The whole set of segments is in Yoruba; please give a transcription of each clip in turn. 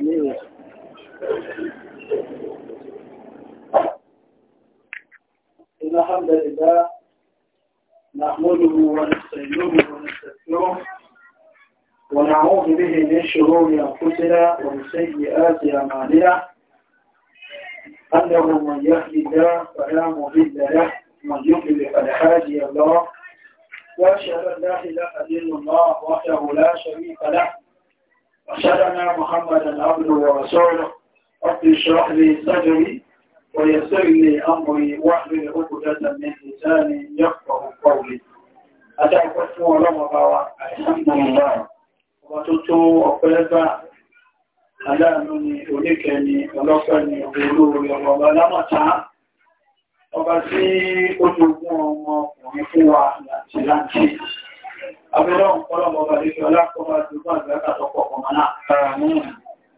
إن الحمد لله نحمده ونستعينه ونستغفره ونعوذ به من شرور أنفسنا ومن سيئات أعمالنا أنه من يهدي الله فلا مضل له من يضلل فلا هادي الله وأشهد أن لا إله إلا الله وحده لا شريك له وشهدنا محمدا عبده ورسوله رب اشرح لي صدري ويسر لي امري واحلل عقدة من لساني يفقه قولي أتعرف ولما بوا الحمد لله وتتو وقلبا aláàánú ni oníkẹ́ ni ọlọ́pẹ́ ni olóorí ọba lámọ̀ta ọba tí ó jogún ọmọ ọkùnrin fún wa láti láti abẹ́rẹ́ ọ̀pọ̀lọpọ̀ bàdéjì ọlápọ̀lọpọ̀ àti ìgbà àgbàkà tọ́pọ̀ ọmọ náà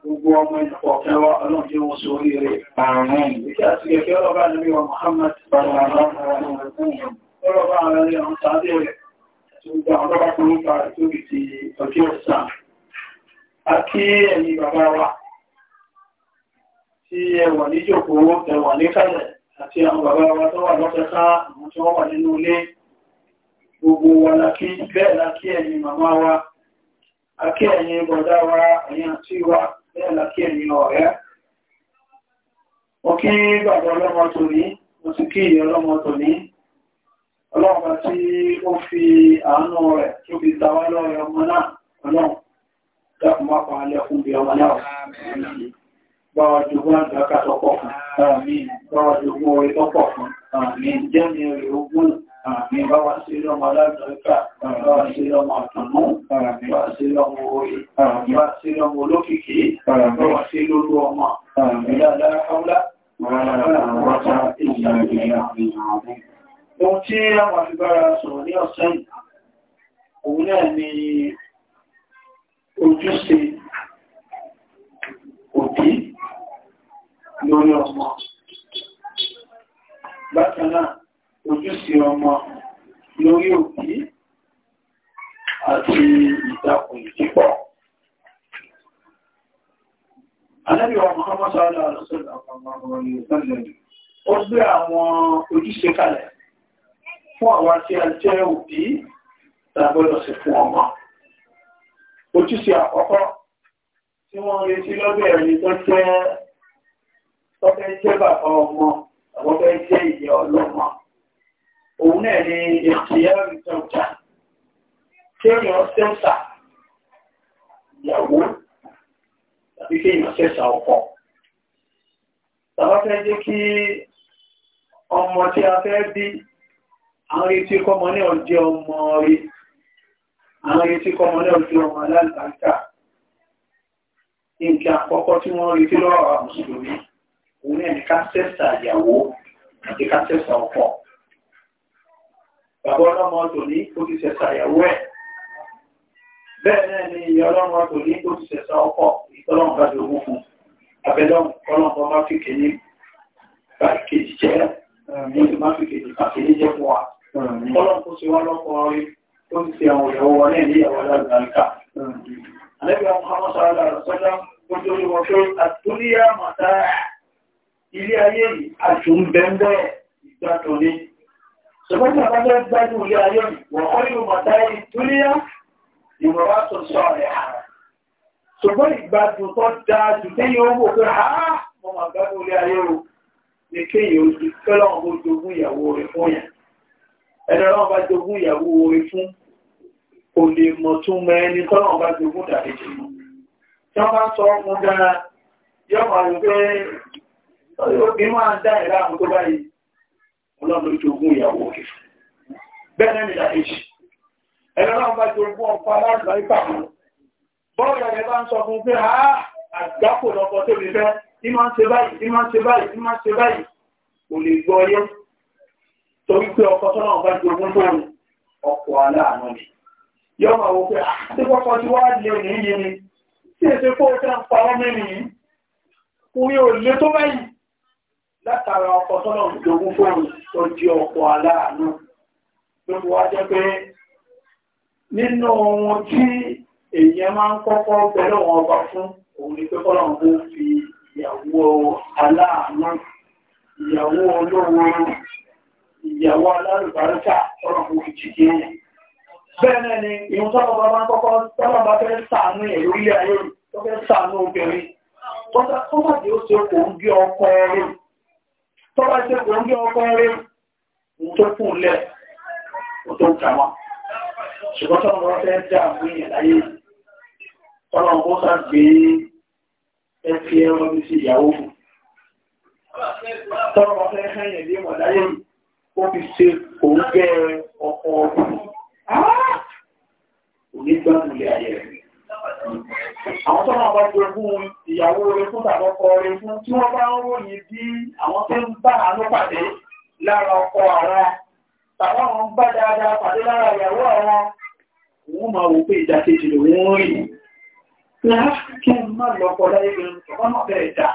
gbogbo ọmọ ìpọ̀ kẹwàá ọlọ́run tí wọ́n so orí rẹ̀ ààrùn ìgbésí àti ẹ̀kẹ́ ọlọ́bàá níbi wa Muhammad ọlọ́bàá àwọn ẹ̀rẹ́ ọ̀hún sáadé rẹ̀ tó gba ọlọ́bàá kan nípa ìtóbi ti ọjọ́ ọ̀sán àti ẹ̀yìn bàbá wa tí ẹwà ní jòkó ẹwà ní kalẹ̀ àti àwọn bàbá wa tó wà lọ́fẹ́ àwọn tí wọ́n wà nínú ilé gbogbo wa láti bẹ́ẹ̀ láti ẹ̀yin màmá wa àkí ẹ̀yin bọ̀dá wa ẹ̀yin àti wa bẹ́ẹ̀ láti ẹ̀yin ọ̀rẹ́ mo kí bàbá ọlọ́mọ tòní mo sì kí ìyá ọlọ́mọ tòní ọlọ́ọ̀bá tí ó fi àánú rẹ̀ tó fi tàwá lọ́rẹ̀ ọmọ náà ọlọ́run dákùn má pa alẹ́ fún bí ọmọ náà báwa jogún àgbà kàtọ́pọ̀ fún àmín báwa jogún orí tọ́pọ̀ fún bá wá sí lọ́mọ alágbàríkà, bá wá sí lọ́mọ àtànú, bá sí lọ́mọ orí, bá sí lọ́mọ olókìkí, bá wá sí lórí ọmọ, ìdáadáa káúlá, Ohun tí a ọmọ lórí òbí àti ìtakùn ìdípọ̀. Alẹ́bíwọ̀n Muhammad Sallallahu Alaihi Wasallam ó gbé àwọn ojúṣe kalẹ̀ fún àwọn tí a jẹ́ òbí tàbọ́lọ̀ sí fún ọmọ. Ojúṣe àkọ́kọ́ tí wọ́n retí lọ́gbẹ̀ ẹni tó jẹ́ tọ́fẹ́ jẹ́ bàbá ọmọ, àwọn fẹ́ jẹ́ ìyẹ́ ọlọ́mọ òun náà ni ìṣẹ́yẹ́ ìtọ́jà kéèyàn sẹ́sà ìyàwó tàbí kéèyàn sẹ́sà ọkọ. Tàbá fẹ́ jẹ́ kí ọmọ tí a fẹ́ bí àwọn etí kọmọ ní ọjọ́ ọmọ rí àwọn etí kọmọ ní ọjọ́ ọmọ aláǹtàǹtà nǹkan àkọ́kọ́ tí wọ́n retí lọ́wọ́ àwọn mùsùlùmí òun náà ni ká sẹ́sà ìyàwó àti ká sẹ́sà ọkọ bàbá ọlọ́mọ tòní ó ti ṣẹ̀ṣà ìyàwó ẹ̀ bẹ́ẹ̀ náà ni ìyá ọlọ́mọ tòní ó ti ṣẹ̀ṣà ọkọ ìtọ́lọ́mọ bá ti ogún fún abẹ́lọ́mọ ọlọ́mọ má fi kéde bá kejì jẹ́ ní ti má fi kéde bá kéde jẹ́ fún wa ọlọ́mọ kó ṣe wá lọ́kọ rí ó ti ṣe àwọn ìyàwó wọn náà ní ìyàwó alágbàríkà àlẹ́bí àwọn ọmọ sọ̀rọ̀ àrọ̀sọ́dá gbogbo ìwọ̀n ṣùgbọ́n tí àwọn ẹgbẹ́ gbádùn ilé ayé wọ̀ ọ́ yóò mọ̀ táyé túnlẹ́yà ìwọ̀wá tó sọ rẹ̀ hà. ṣùgbọ́n ìgbádùn tó dáa tí yóò wò pé ha mo mà gbádùn ilé ayé o ní kéèyàn ojú kẹ́lọ́n bó jogún ìyàwó rẹ̀ fún yàn. ẹni ọlọ́run bá jogún ìyàwó rẹ̀ fún kò lè mọ̀ tún mọ ẹni tọ́lọ́run bá jogún dàdé jù. tí wọ́n bá sọ ọkùnrin dára yọ̀ọ̀ ọlọ́run ló jogún ìyàwó rẹ̀ bẹ́ẹ̀ náà nìlà èjì ẹ̀rọ náà bá jogún ọkọ̀ alágbàáyípa fún bọ́ọ̀lù ẹ̀rẹ́ bá ń sọ fún pé ha àgbákò lọ́kọ̀ tó lè fẹ́ ní máa ń ṣe báyìí ní máa ń ṣe báyìí ní máa ń ṣe báyìí kò lè gbọ́ yẹ́ torí pé ọkọ̀ tó náà bá jogún fún ọkọ̀ aláàánú ni yọ máa wo pé àti kọ́kọ́ tí wàá lè ní yìí ni tí èsè kó o ṣe ń pa ọmọ ènìyàn kò yóò lè tó báyìí látara ọkọ tọ́lọ̀ ìjogún fóònù tó jí ọkọ aláàánú gbogbo wa jẹ́ pé nínú ohun tí èèyàn máa ń kọ́kọ́ bẹ̀rẹ̀ wọn ọba fún òun ni pé kọ́lọ̀ ń fi ìyàwó aláàánú ìyàwó olówó ìyàwó alárùbáríkà tọ́lọ̀ ń fi jìgé yẹn bẹ́ẹ̀ náà ni ìhun tọ́lọ̀ bá máa ń kọ́kọ́ tọ́lọ̀ bá fẹ́ sàánú ẹ̀ lórí ayé tó fẹ́ sàánú obìnrin tó bá dé ó ṣe kò ń gé ọkọ rẹ̀ tọ́wọ́ ṣe kò ń bí ọkọ rẹ̀ tó kún lẹ̀ ó tó ń kà wọ́n ṣùgbọ́n tọ́wọ́ wọn fẹ́ dá àwọn èèyàn láyé tọ́wọ́ wọn sá gbé ẹ fi ẹrọ ní sí ìyàwó tọ́wọ́ wọn fẹ́ hẹ́yìn lé wọn ìyàwó rẹ fún tàbọ́kọ rẹ fún tí wọ́n bá ń ròyìn bí àwọn tó ń bá àánú pàdé lára ọkọ àwọn tàbá wọn bá dáadáa pàdé lára ìyàwó àwọn òun máa wò pé ìdàkejì lòun rí kí n má lọ́kọ láyé gan ọmọ náà bẹ̀rẹ̀ dà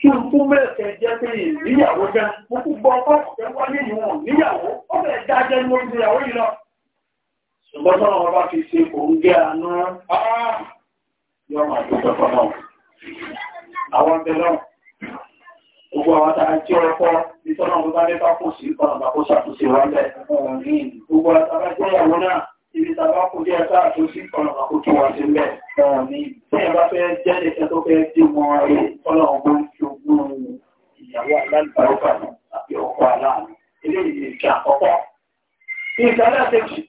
kí n fún mẹ́ẹ̀kẹ́ jẹ́ pé níyàwó gan mo kú gbọ́ ọkọ̀ ọ̀fẹ́ wọlé ìwọ̀n níyàwó ó bẹ̀rẹ̀ dá jẹ́ ní orí ìyàwó yìí lọ ṣùgbọ́n náà wọ́n bá fi ṣe òun gẹ́ àná yọ́ máa tó tọ́kọ̀ náà. Àwọn ọ̀bẹ̀ náà, gbogbo àwọn tàà jẹ́ ọkọ́ ìtọ́nà tó bá lé bá kò sí ìtọ́nà bá kó ṣàtúnṣe wá lẹ̀. Gbogbo àtàbá jẹ́ ìyàwó náà, ibi tàbá kò jẹ́ ẹ̀ta àtúnṣe ìtọ́nà bá kó tún wá sí lẹ̀. Bí ẹ bá fẹ́ jẹ́ ẹ̀ṣẹ́ tó fẹ́ dé mọ́ ayé, tọ́nà ọgbọ́n ṣogbọ́n ìyàwó aláìbárúkà àti ọkọ̀ aláàánú. Eléyìí ìṣẹ́ àkọ́kọ́. Ìṣẹ́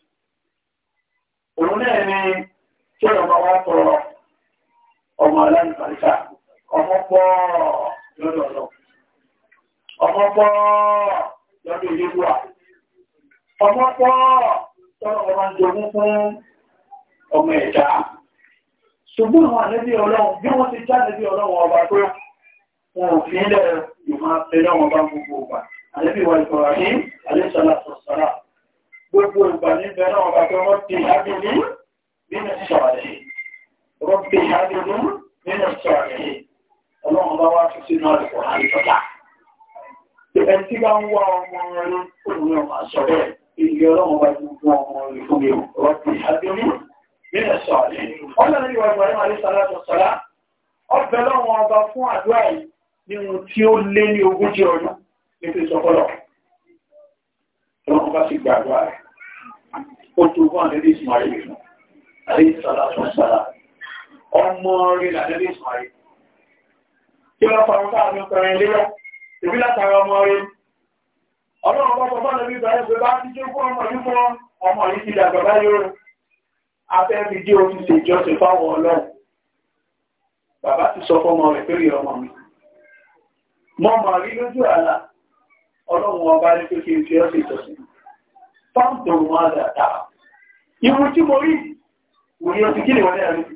òun náà ni kí ọ̀rọ̀ bá tọrọ ọmọ aláìbàríkà ọmọ pọ̀ lọ́dọ̀ lọ ọmọ pọ̀ lọ́dọ̀ ìléwà ọmọ pọ̀ tọ́rọ ọmọ jogún fún ọmọ ẹ̀dá ṣùgbọ́n àwọn ànẹ́bí ọlọ́run bí wọ́n ti já ànẹ́bí ọlọ́run ọba tó wọn ò fi ilẹ̀ ìmọ̀ abẹ́lẹ́ wọn bá gbogbo ọba ànẹ́bí wa ìkọ̀rọ̀ ní alẹ́sọ̀lá sọ̀sọ̀lá tó wọ́n ti lábẹ́ ní bí mo ti رب هذه من الصالحين اللهم بارك في نار القرآن الفتح Ìbẹ̀ tí bá ń wá ọmọ orí òun ọmọ àṣọ́rẹ́ ilé ọlọ́run bá ti fún ọmọ orí fún mi rọ́pì àdúrí nílẹ̀ sọ̀rẹ́. Ọlọ́run ìwà ìwà ìwà ní sàlátọ̀ sọ́lá. Ọbẹ̀ lọ́wọ́ ọba fún àdúrà yìí nínú tí ó lé ní ogójì ọdún nítorí sọ́kọ́lọ̀. Ọlọ́run bá sì gbàdúrà rẹ̀. Ó tó fún àdúrí Ismail. Àdúrí sọ́lá ọmọ orí làdẹ́lẹ́ ìsmáyé kí wọ́n fọ́n ká àwọn ọkùnrin léyà ìbí látara ọmọ orí ọlọ́run bọ́ bọ́ lórí ìgbà ẹgbẹ́ bá ti jẹ́ fún ọmọ yìí fún ọmọ yìí ti dàgbà báyìí ó afẹ́ fi jẹ́ òfin ṣe ìjọsìn fáwọn ọlọ́run bàbá ti sọ fọmọ rẹ̀ pé rí ọmọ mi mọ́ mọ̀ rí lójú àlá ọlọ́run ọba ní pé kí n fi ọ́sẹ̀ ìjọsìn fáǹtò wọn àdàtà ìwú tí mo rí òye ọtí kí ni wọ́n ní àríkì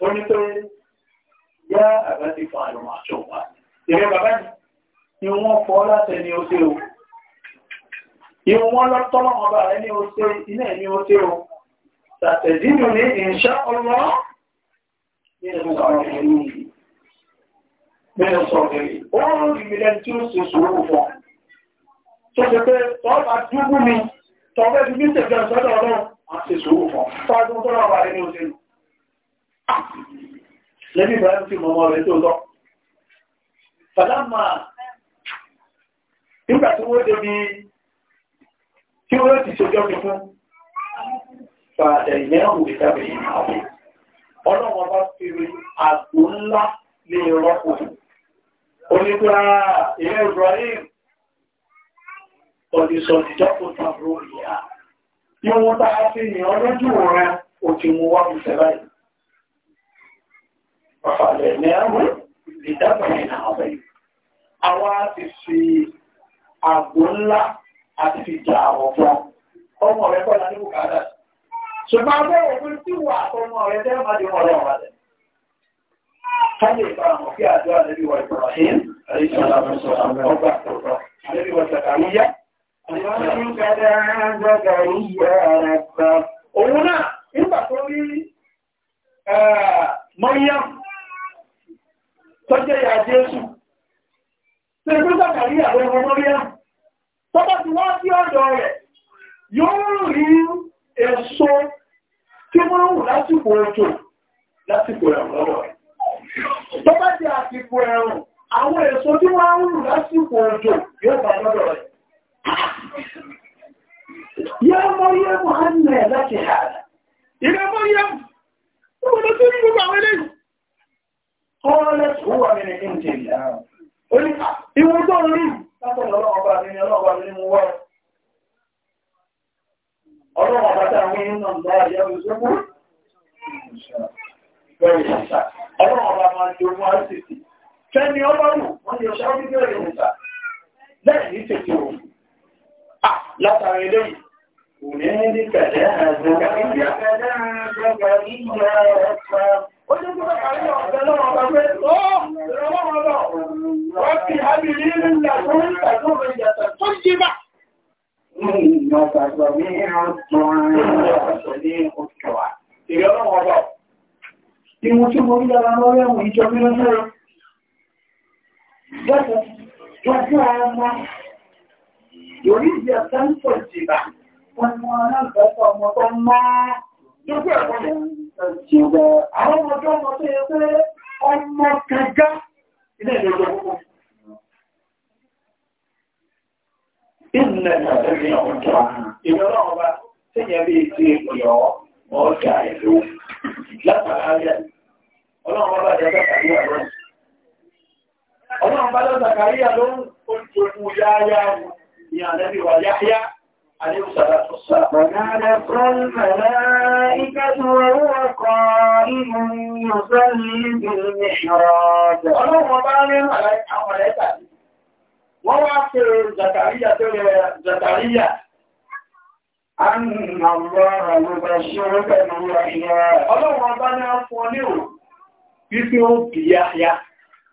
ó ní pé yá àbá ti fa àlùmọ̀ àṣọ wa ìrẹ́ bàbá ni wọ́n fọ́ látẹ̀ ní oṣù o ìwọ̀n wọn lọ tọ́lọ̀ ọba rẹ ní oṣù iná ẹ̀ ní oṣù o tàtẹ̀dínú ní ìṣá ọlọ́ nínú sọ̀rọ̀ ìlú nínú sọ̀rọ̀ ìlú ó rí mi lẹ́ni tí ó ṣe sùúrù fún tó ṣe pé tọ́ọ̀bà dúgbù mi tọ́ọ̀bẹ́ fi mí tẹ̀gbẹ́ sọ́dọ̀ ọlọ́run àti sùúrù fún ọ lẹ́bí ìbára ti mọ̀mọ́ rẹ̀ tó lọ. Fàdámà nígbà tí wọ́n débi tí wọ́n ti ṣojọ́ mi fún fàdà ìyẹ́hùn ìtàbí ìhàwé. Ọlọ́run ah, bá fi àgbò ńlá lè rọ́pò. Onígbà ilé Ibrahim ọdíṣọ́ ìjọ́pọ̀ tàbí ìyá. Yóò wọ́n tá a fi yàn ọlọ́jú rẹ̀ òtí mú wá fún sẹ́láyìí. فَعَلَيْنَاهُ لِدَفْعٍ عَظِيمٍ Àwa ti fi àgbò ńlá àti fi jà àwọ̀ fún ọmọ rẹ̀ kọ́lá ní bùkátà. Ṣùgbọ́n abẹ́rẹ́ òfin tí wà àtọmọ rẹ̀ tẹ́lẹ̀ máa di ọ̀rẹ́ ọ̀rẹ́ rẹ̀. Káyé ìbámu kí àjọ àlẹ́bí wa Ibrahim, àríṣà àlàmọ́sọ̀ àwọn ọgbà àtọ̀tọ̀, àlẹ́bí wa Sàkàríyá. Òun náà, nígbà tó rí Mọ́ríyàmù tọ́jẹ́ ìyá Jésù. Tẹ̀sí Zakari àwọn ọmọ Mọ́ríà, tọ́bá ti wá sí ọ̀dọ̀ rẹ̀, yóò rí èso tí wọ́n wù lásìkò òjò lásìkò ẹ̀rọ̀lọ́wọ́ rẹ̀. Tọ́bá ti àsìkò ẹ̀rùn, àwọn èso tí wọ́n wù lásìkò òjò yóò bá lọ́dọ̀ rẹ̀. Yá Mọ́ríà Mọ́hánà láti hà. Ìrẹ́ Mọ́ríà, ó mọ̀ lọ sí gbogbo àwọn eléyìí. قالت هو من عند الله قلت يوضع لي فقال الله أبا من الله أبا من مواد الله أبا تعوين الله يرزقه ọba máa jogún àṣìṣì. Fẹ́ni ọlọ́run, wọ́n yọ ṣáwọ́ ní bẹ̀rẹ̀ ìrìnṣà. Lẹ́yìn ní tètè òun. À látàrí eléyìí, ó jẹ́ kí wọ́n kàrí ọ̀dẹ́ lọ́wọ́ ọba pé ó ìrọ̀lọ́wọ́ lọ wọ́n ti hábì rí rí ńlá tó ń tàbí òun ìyàtọ̀ tí mo rí lára lọ́rẹ́ ẹ̀wọ̀n ìjọ bí lọ́jọ́ rẹ̀. Gẹ́gẹ́ gbogbo ọmọ lórí ìyàtọ̀ ń pọ̀ jìbà. Wọ́n mọ aláǹgbẹ́sọ̀ ọmọ tó máa gbogbo ẹ̀kọ́ ṣùgbọ́n Ọlọ́run bá jẹ́ Zakariya lọ́rùn. Ọlọ́run bá jẹ́ yáyá ní àlẹ́bí yáyá. ونادت الملائكة وهو قائم يصلي في المحراب ولو قال الملائكة ملائكة ووعد زكريا زكريا أن الله مبشرك بيحيى ولو قال أفوني بفي يحيى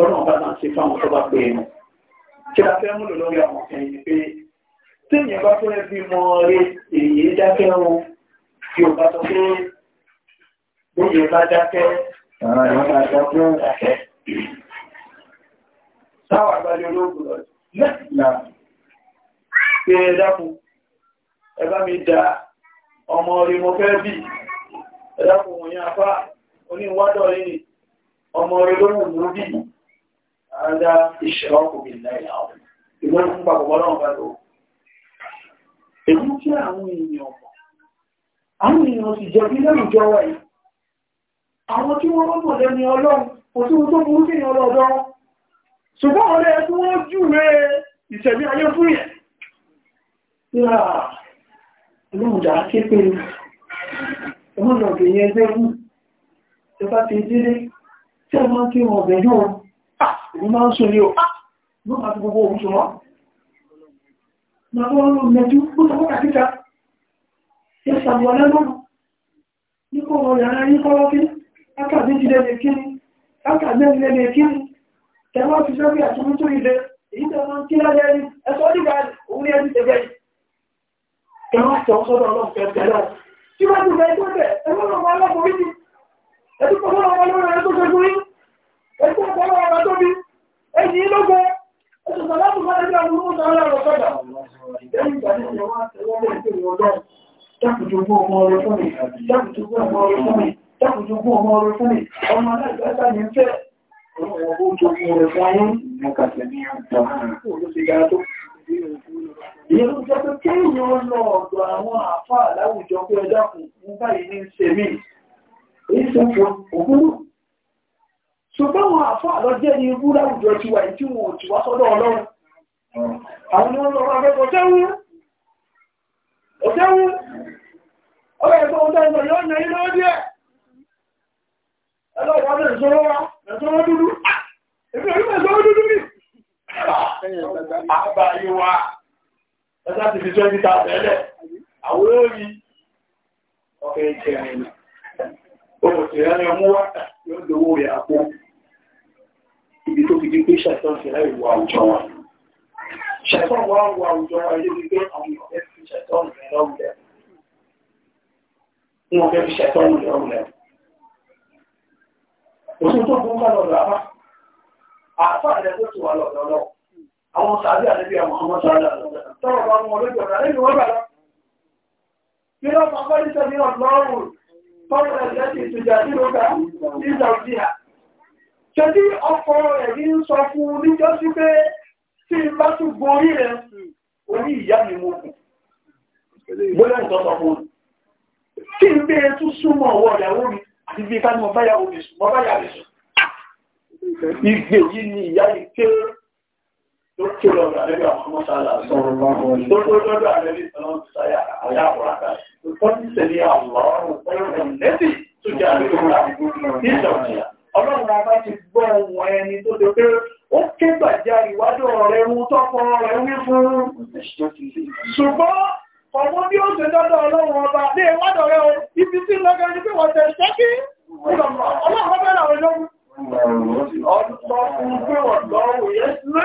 lọ́nà ọba náà ṣe fáwọn tó bá pè é mọ́. kí la fẹ́ múlò lórí àwọn ọ̀sẹ̀ yìí pé téèyàn bá fẹ́ bí mọ rí èyí dákẹ́ wọn bí o bá sọ pé bóyá bá dákẹ́ táwọn àgbàlẹ̀ olóògùn lọ lẹ́sìnà pé ẹ dákun ẹ bá mi dá ọmọ rí mo fẹ́ bí ẹ dákun wọ̀nyí afá oníwádọ̀ yìí ọmọ rí lóhùn lórí yìí هذا ìṣẹ́rọ́kù bí lẹ́yìn àwọn ìwọ́n ń pa bọ̀bọ̀ náà bẹ́ẹ̀ lọ. èyí jẹ́ àwọn èèyàn ọ̀pọ̀ àwọn èèyàn sì jẹ́ bí lẹ́yìn ìjọ wa yìí àwọn tí wọ́n mọ̀ lẹ́ni ọlọ́run kò sí ohun tó burú sí ìyàn lọ́dọ́ ṣùgbọ́n ọ̀rẹ́ tí wọ́n júwe ìṣẹ̀mí ayé fún yẹn nígbà olóòjà képe ẹmọ́nà ọ̀gbẹ̀yẹn ẹgbẹ́ mú ẹ bá ti délé tí ẹ máa kí wọn ọ̀gbẹ̀ yóò mo máa ń sọ ní o ló máa ti gbogbo òun sọ wọ́n na wọ́n lọ mẹ́jú ó lọ wọ́n kíkà ẹ sàbọ̀ lẹ́nu ní kọ́ ọ̀rọ̀ yàrá yí kọ́ lọ́kí látàbí ti lẹ́nu kíni látàbí ti lẹ́nu kíni tẹ̀wọ́ ti sọ́bí àtúntò tó ilẹ̀ èyí tẹ̀ wọ́n kí lálẹ́ rí ẹ̀sọ́ nígbà òun ní ẹni tẹ̀gbẹ́ yìí tẹ̀wọ́ tẹ̀ ọ́ sọ́dọ̀ ọlọ́run fẹ́ tẹ̀lé ti ẹ̀kọ́ ọ̀pọ̀lọpọ̀ ọ̀gá tóbi ẹ̀yìn lógo ẹ̀sùn sàlámù sáré bí àwọn olóòtú ọmọ ọ̀rọ̀ fún mi ọmọ ọ̀rọ̀ fún mi jákùjogún ọmọ ọ̀rọ̀ fún mi ọmọ aláìgbàtà ní fẹ́ Ìyẹn ló jẹ́ pé kéèyàn lọ ọ̀dọ̀ ṣùgbọ́n afọ àfáà lọ ní irú láwùjọ ti wà tí wọn ò wá sọ́dọ̀ ọlọ́run àwọn ọlọ́run akẹ́kọ̀ọ́ tẹ́wú òtẹ́wú ọ̀rọ̀ ẹ̀kọ́ ìṣòro wa dúdú dúdú ti fi àwọn òṣèré ni ọmú wá yóò dòwó rẹ̀ àpò ibi tó fi di pé ṣàìsàn sí láì wọ àwùjọ wa ṣàìsàn wá wọ àwùjọ wa ilé wípé àwọn ọ̀fẹ́ fi ṣàìsàn rẹ̀ lọ́wọ́lẹ̀ wọn fẹ́ fi ṣàìsàn rẹ̀ lọ́wọ́lẹ̀ òṣù tó fún kálọ̀dọ̀ àbá àfà rẹ̀ tó ti wà lọ́dọ̀ lọ àwọn sàbí àdébí àwọn ọmọ sàbí àdébí tọrọ bá wọn lójú ọ̀dà lẹ́yìn wọn bàlá kí lọ́pàá bá ní sẹ́ni ọ̀dọ́ ọ̀rùn tọ́lá ìlẹ́sì ìtìjà ń sọ fún un sí pé tí n bá tún gorí rẹ̀ orí ìyá mi mo kù. Bóyá ìtọ́ fún un. Kí n bẹ́ẹ̀ e tún súnmọ́ ọwọ́ ìyàwó mi àti bí ká ní mo mi sùn. Ìgbè yìí ni ìyá yìí tó kí lọ àdébí àfọmọ́sálà sọ̀rọ̀ lọ́wọ́ tó tó lọ́dọ̀ àdébí sọ̀rọ̀ sáyà àyà àwòrán tó ń tẹ̀lé àlọ́rùn ọlọ́run lẹ́sì tó jẹ́ àdébí òkúta ní ìjọba ọlọ́run abá ti gbọ́ ohun ẹni tó ti pé ó ké gbàjá ìwádìí ọ̀rẹ́ ohun tọ́kọ rẹ̀ wí fún ṣùgbọ́n ọmọ bí ó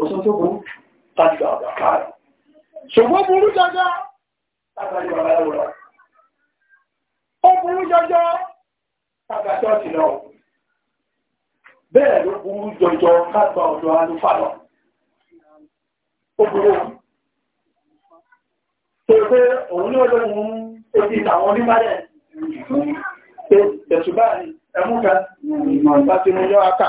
òsùn tó burú tàbí àbàkà rẹ̀ ṣùgbọ́n burú jọjọ́ tàbí àbàkà rẹ̀ ó burú jọjọ́ tàbí àjọ́sì lọ bẹ́ẹ̀ ló burú jọjọ́ kágbà ọ̀dọ̀ alúfàlọ́ ó burú tó pé òun ní olóhun etí ìtàwọn onímọ̀lẹ̀ tẹ̀sùbáà ẹmú kan bá mú yọ aka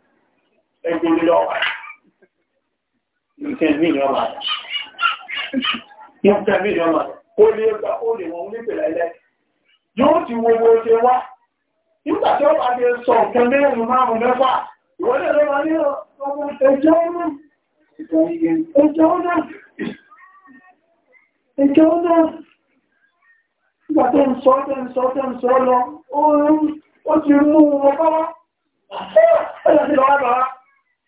ẹgbẹ́ mi lọ́wọ́ nǹkan mi lọ́wọ́ máa nǹkan mi lọ́wọ́ máa ó lè gbà ó lè wọn onípè láìlẹ́ yóò ti wo bó ṣe wá nígbà tí ó bá ti sọ nǹkan mẹ́rin márùn mẹ́fà ìwọlé ló máa ní ọmọ ẹjọ́ náà ẹjọ́ náà ẹjọ́ náà nígbà tó ń sọ tó ń sọ tó ń sọ lọ ó ti mú wọn bá wá ẹ̀yà sí lọ́wọ́ bàbá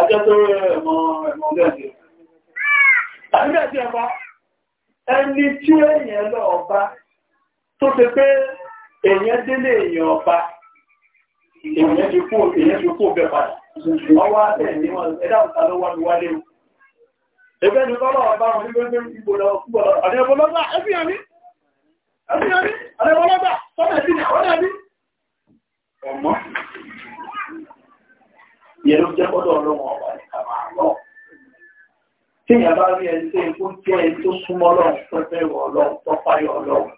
ajẹ́ pé ẹ̀mọ̀ ọba tó ṣe pé èèyàn délé ọba, èèyàn ti kú èèyàn ti kú bẹ padà. Wọ́n wá bẹ̀ ní wọn, ẹ̀dá òta ló wá ní wálé o. Ẹgbẹ́ ni bọ́lá ọba wọn ní ìbò lọ kúbọ̀ ìyẹn ló jẹ́ gbọ́dọ̀ ọba ní kàmá lọ. tí ìyá bá rí ẹni tó ikú jẹ́ ẹni tó súnmọ́ lọ́wọ́ tó bẹ̀rù ọlọ́wọ́ tó fáyọ̀ ọlọ́wọ́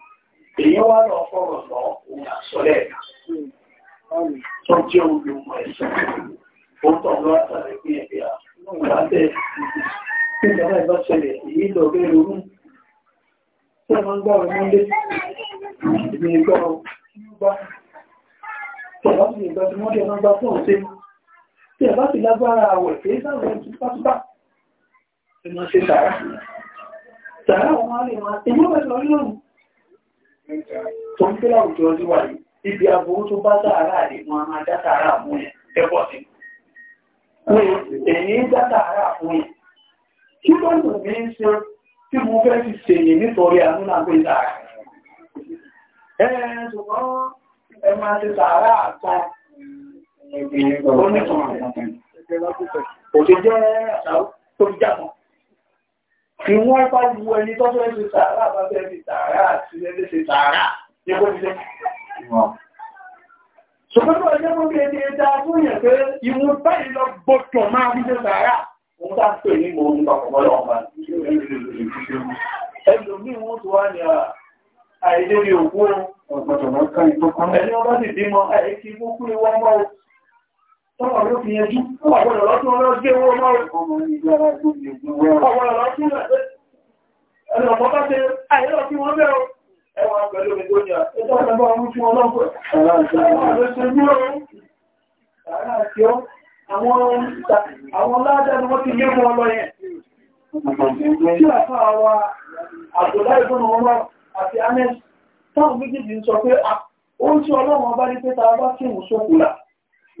èyí wá lọ fọ̀rọ̀ lọ òun àsọlẹ̀ tó jẹ́ olùmọ̀ ẹ̀sìn ó tọ̀ lọ́ àtàrí pé ẹ̀bí à lábẹ́ tí ìjọba ìbá ṣẹlẹ̀ èyí lọ bẹ́ẹ̀ ronú tí a máa ń gbọ́rọ̀ nílé ìgbìyànjọ́ tí wọ́n bá ti ìgbà tí wọ́n jẹ́ máa ń fún ọ̀sẹ̀ tí ẹ bá ti lágbára àwẹ̀ pé sáwọn ìtúpátúpá ẹ máa ṣe sàárà sàárà wọn á lè máa ṣe mọ́ bẹ̀rẹ̀ lórí òun tó ń kílà òjò ọdún wà yìí ibi aburú tó bá sàárà lè wọn a máa dá sàárà fún yẹn ẹ̀kọ́ sí èyí dá sàárà fún kí ló lù mí ń ṣe tí mo fẹ́ ti ṣèyìn nítorí àdúrà pé sàárà ẹ̀ ṣùgbọ́n ẹ máa ṣe sàárà kan Kí wọ́n bá ju ẹni tó fẹ́ ṣe tààrà bá fẹ́ ṣe tààrà àti ẹni ṣe tààrà ní kó ti jẹ́. Ṣùgbọ́n ọjọ́ mú bí ẹja tó yẹ̀ pé ìwú báyìí lọ gbọ́tọ̀ máa rí ṣe tààrà, wọ́n bá pè ní mọ̀ ní ọ̀pọ̀lọpọ̀ àìlérí tọ́pọ̀ ló fi yẹjú ọ̀pọ̀lọ̀ lọ́tún ọlọ́gbé owó máa ọ̀pọ̀lọ̀ lọ́tún ẹ̀lọ̀ pọ́pá tẹ àìyẹ́lọ̀ tí wọ́n bẹ̀rọ ẹwà pẹ̀lú ìgbóyà ẹjọ́ ọ̀pọ̀lọ̀ ọmú tí wọ́n lọ́pọ̀ àwọn ládá ni wọ́n ti yé mọ́ ọlọ́yẹn tí àfá àwà àtòlá ìgbónà ọlọ́ àti anẹ́sì táwọn méjì ti ń sọ pé ah, ó ń tí ọlọ́wọ́n bá ní pé ta bá kí ìwòsókùlà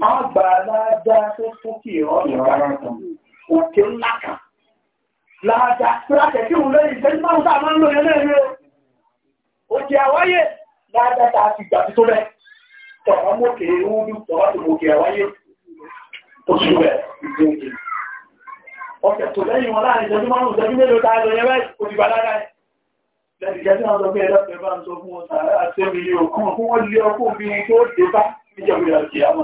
Wọ́n gbà láàdá tó fún kí ìrọ́lù rárá kan, òkè ńlá kan. Láàdá tó láti kí òun lórí ìṣẹ́jú máa ń sáà o. Òkè àwáyé láàdá ta ti gbà tó bẹ́ẹ̀. Tọ̀wọ́ mọ́kè rúdú, tọ̀wọ́ tó mọ́kè àwáyé. Oṣù rẹ̀ Ọkẹ̀ tó lẹ́yìn wọn láàrin ìṣẹ́jú máa ń ìṣẹ́jú mélòó ta lọ yẹn ẹ̀. Lẹ́yìn ìṣẹ́jú náà sọ pé bá ń sọ fún ọ̀tà àti ẹ̀mí òkú, òkú wọ́n lé ọkú bí tó dé bá níjọba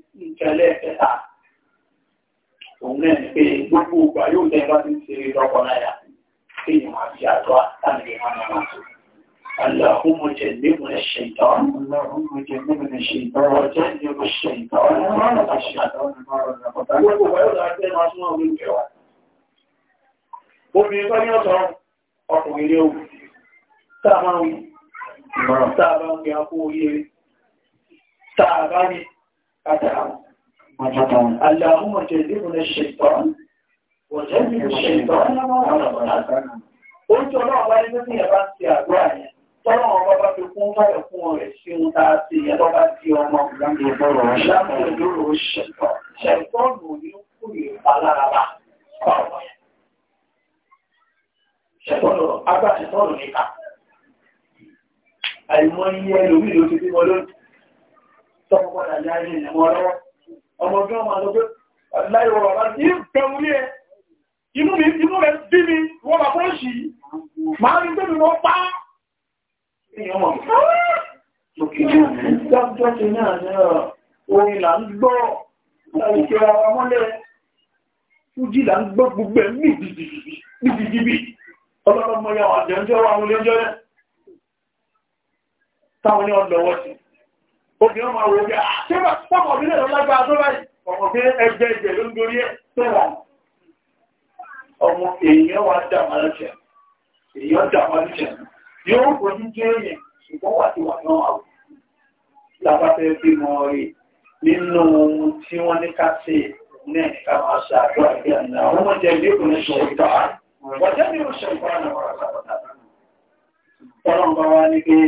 ìkẹlẹ ẹ̀kẹta òun náà ń pè gbogbo ìgbà yóò tẹ bá ti ṣe lọkọ láyà kí ni wọn fi àtọ àtàlẹ wọn náà wọn tó. اللهم جنبنا الشيطان اللهم جنبنا الشيطان وجنب الشيطان الشيطان Obìnrin tó ní ọ̀sán ọkùnrin ní òun, táà máa ń wí, táà bá ń gbé akó orí eré, táà bá ní قدرا وجبرا اللهم جذبنا الشيطان وجذب الشيطان وعرضنا ó jọ náà wáyé nígbà yẹn bá ń ti àdúrà yẹn tọ́lọ́ wọn bá bá fi kún báyọ̀ fún ọ̀rẹ́ sí ohun tá a ti bá bá ọmọ ìgbàgbé bọ̀rọ̀ ṣáàmù ìdúró ṣẹ̀tọ́ ṣẹ̀tọ́ nù ní kú ìpalára bá ọ̀rọ̀ yẹn. ṣẹ̀tọ́ lọ agbáṣẹ̀tọ́ lọ níta àìmọ̀ iye ẹlòmíì ló ti bímọ tọ́pọ̀pọ̀dà yáyé ìmọ̀ ọlọ́wọ́. Ọmọ ọdún ọmọ àlọ́gbé láìwọ̀ ọ̀rọ̀ ní ìfẹ̀mú ní ẹ. Inú mi, inú rẹ̀ bí mi, wọ́n bà fún òṣì. Máa rí gbé mi wọ́n pa. Ìyẹn mọ̀. Òkè dájọ́ ti náà ní orin là ń gbọ́ ìṣe ara mọ́lẹ̀. Fújì là ń gbọ́ gbogbo ẹ̀ ní ìdìdìbì. Ọlọ́run mọ yàwó àjẹ́ ń jẹ́ rẹ̀. Táwọn ní ọ̀dọ̀ wọ́sìn obìnrin máa wọ ẹgbẹ́ àtẹ́bà pọ́pọ̀ bí lẹ́rọ lágbàá tó báyìí ọmọ bí ẹgbẹ́ ẹgbẹ́ ló ń gorí ẹ tó wà ọmọ èèyàn wà dàmà lọ́sẹ̀ èèyàn dàmà lọ́sẹ̀ yóò fojú jẹ́ èèyàn ṣùgbọ́n wà ti wà náà wà lábàtẹ́ bí mọ́ rí nínú ohun tí wọ́n ní ká ṣe náà ká máa ṣe àdúrà bí àná àwọn ọmọ jẹ́ ilé ìkùnrin ṣe ìtọ́ wọ́n jẹ́ ní oṣù ìfọ́nà wọ́n rà sábà náà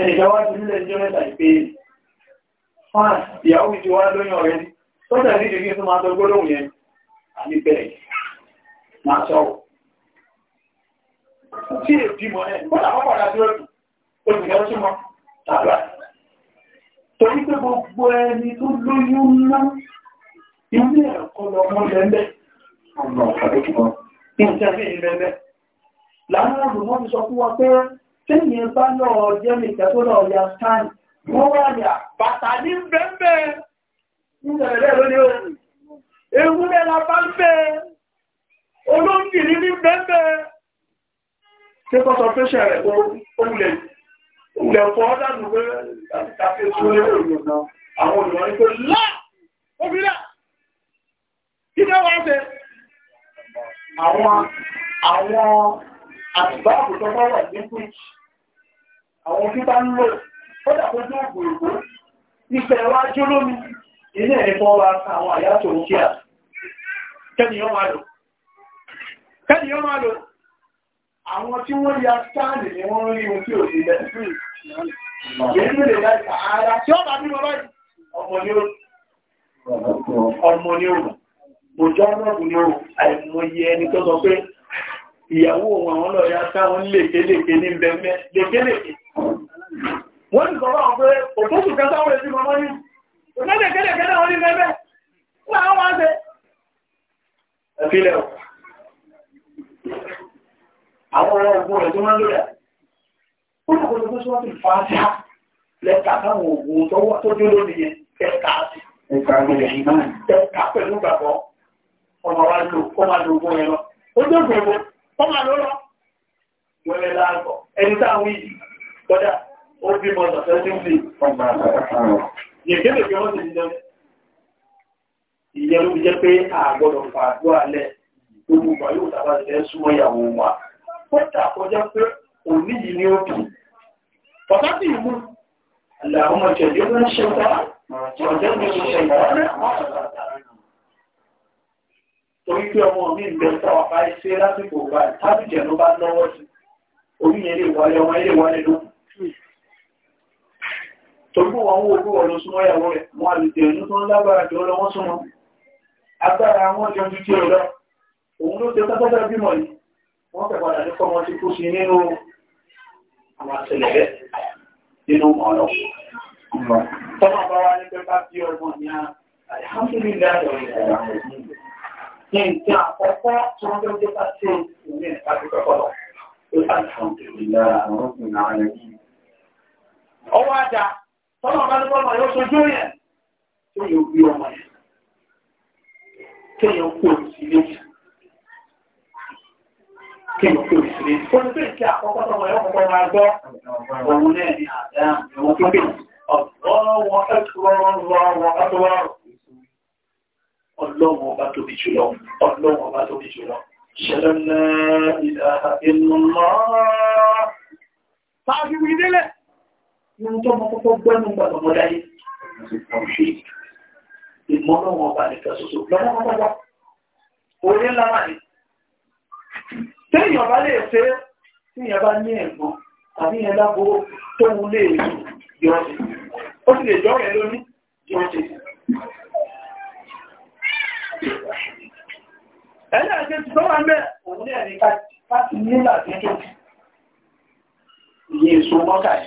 ẹni ìjáwá ti nílẹ̀ ìjọ mẹ́ta ìpé fún ìyàwó mi ti wá lóyún ọ̀rẹ́ tọ́jà ní ìdíkí tó máa tọgbó lóhùn yẹn àmì bẹ́ẹ̀ máa sọ̀rọ̀ tí èdè mọ̀ ẹ̀ kó làwọn padà sí ọ̀dù olùkọ́ sí mọ́ tàbí torí pé gbogbo ẹni tó lóyún ńlá ilé ẹ̀kọ́ lọmọ lẹ́lẹ́ ọ̀nà àdókùnmọ́ ti sọ Téèyàn bá náà jẹ́ nìkan tó náà ya stan, wọ́n wá yà bàtà ní bẹ́ẹ̀ Ìjọ̀rẹ̀ lórí o. Ewúrẹ́ la bá ń bẹ́ olóńgìrí ní bẹ́ẹ̀ Ṣé kọ́ sọ fẹ́ṣẹ̀ rẹ̀ oúnlẹ̀? Oúnlẹ̀ fọ́ dánù pé àti àwọn olùwọ́n ní pé láà! Obìnrin! Kí ni wọ́n ṣe? Àwọn àwọn tó bá wà ní Bíríkì àwọn ojú bá ń lò ó dàbójú ògùn ìgbó ìfẹ́ wá jó lómi ilé ẹ̀rẹ́ fọ́ wa àwọn àyà tó ń kíà kẹ́niyàn máa lò kẹ́niyàn máa lò àwọn tí wọ́n ya sáàlì ni wọ́n rí ohun tí ò sí lẹ́ Yẹ́nú lè láì sàárá tí ó bá bí mọ́ báyìí, ọmọ ni ó ọmọ ni ó mọ̀ jọ́ ọmọ ni ó àìmọye ẹni tó sọ pé ìyàwó òun àwọn lọ́ọ̀yá sáwọn lékelèké ní bẹ̀mẹ́ lékelèké wọ́n ti sọ́wọ́ pé òtútù kẹsàwọ̀ èdè mọ́mọ́ ní ìrìnlẹ̀ kẹ́lẹ̀kẹ́lẹ̀ wọ́n ní mẹ́bẹ̀ láwọn wá ṣe ẹ̀fílẹ̀ àwọn ọ̀rọ̀ ogun rẹ̀ tó máa ń lóyà ó ní kò tó sọ́wọ́ ti fà á sí lẹ́ka táwọn ogun tó wá tó jó lónìí yẹn ẹ̀ka ẹ̀ka pẹ̀lú gbàgbọ́ ọmọ wa lò kó máa lo ogun yẹn lọ ó dé gbogbo kó máa lọ lọ wẹ́rẹ́ láàgọ̀ ẹni táwọn yìí kọjá ó bí mọ́ ọ̀nà fẹ́ nílé ọmọ ìkéde bí wọ́n ti ń jẹun ìyẹn ló fi jẹ́ pé àgbọ̀dọ̀ fàájú alẹ́ gbogbo ìgbà yóò tàbá ti fẹ́ súnmọ́ ìyàwó wa ó tà kọjá pé òní yìí ni ó bì bàbá sì mú àlàáhùn ọjọ́ ìdí ó ń ṣe ta ọjọ́ ìdí ó ń ṣe ta torí pé ọmọ mi ń bẹ sáwà báyìí ṣe lásìkò báyìí tábìjẹ ló bá lọ́wọ́ sí orí lè wọlé ọmọ yẹn lè wọlé torípò wọn wó pé wọ́n lọ súnmọ́ ìyàwó rẹ̀ wọ́n àlùtẹ̀ ẹ̀nú tó ń lágbára jọ lọ wọ́n súnmọ́ agbára wọn jọ ju tí ó lọ òun ló ṣe tọ́tọ́tọ́ bímọ yìí wọ́n fẹ̀ padà ní kọ́mọ ti kú sí nínú àwọn àṣẹlẹ̀ rẹ̀ nínú ọ̀rọ̀ tọ́mọ bá wá ní pé bá bí ọmọ ní a alihamudulilayi ọ̀rọ̀ ìgbà ní nǹkan àkọ́kọ́ tí wọ́n fẹ́ jẹ́ bá ṣe òun ní ẹ̀ka tó kọ́kọ́ lọ. Ọwọ́ àdá tọ́lọ̀ bá ní bọ́lọ̀ yóò sojú yẹn tó yóò bí ọmọ yẹn kéèyàn kó sí léjì kéèyàn kó sí léjì ó ní pé kí àkọ́kọ́ tọmọ yóò kọ́kọ́ máa gbọ́ òun náà ní àdáhùn ìwọ̀n tó bẹ̀ ọ̀rọ̀ ẹ̀kúrọ̀rọ̀ ẹ̀kúrọ̀rọ̀ ọlọ́wọ́ bá tóbi jùlọ ọlọ́wọ́ bá tóbi jùlọ ṣẹlẹ̀ ilẹ̀ ìlànà ìlànà ohun tó mọ kọ́kọ́ gbẹ́nu gbàgbọ́ mọ́ dáyé ìmọ̀nà wọn bá nìkan ṣoṣo lọ́wọ́ wọn bá orí ńlá wà ní. téèyàn bá lè ṣe téèyàn bá ní ẹ̀gbọ́n àbí yẹn lábo tóun lè yọ e ọ́ ó sì lè jọ́ lóní yọ ọ́ ẹ̀lẹ́ ti tó wà mẹ́ òun ní ẹ̀rí káàkiri nílà tó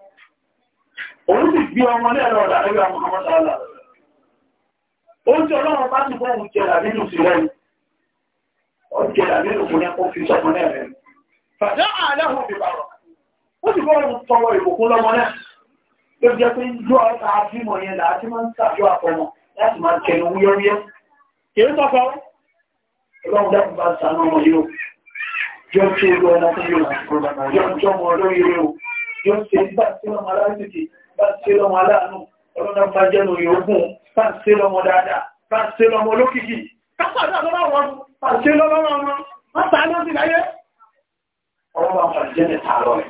òun sì bí ọmọ ní ẹ̀rọ ọ̀dà lórí àwọn ọmọ sáàlà oúnjẹ ọlọ́run bá ti bọ́ọ̀hún jẹrà nínú sí rẹ̀ ọjẹrà nínú fún ẹkọ́ fi sọmọ náà rẹ̀ fàdá àdáhùn fi bàrọ̀ ó sì bọ́ọ̀hún tọrọ ìbùkún lọ́mọ náà ló jẹ́ pé ìjọ ọ̀tá àbímọ yẹn là á ti máa ń sàjọ àpọ̀mọ láti máa kẹnu wúyẹ́wúyẹ́ kì í tọ́kọ ọlọ́run dákun bá sànú ọmọ yìí ó jọ́ tí ó lọ ọmọ fún yóò jọ́ ọmọ olóyè yóò ṣe bá sí lọ́mọ aláàtìkì bá sí lọ́mọ aláàánú ọlọ́dọ̀ bá jẹ́nu ìrógún bá sí lọ́mọ dáadáa bá sí lọ́mọ olókìkí kápàdà lọ́wọ́ wọn bá sí lọ́wọ́ wọn wọ́n tàá lọ́sí láyé ọlọ́wọ́ bá jẹ́ ní tààrọ̀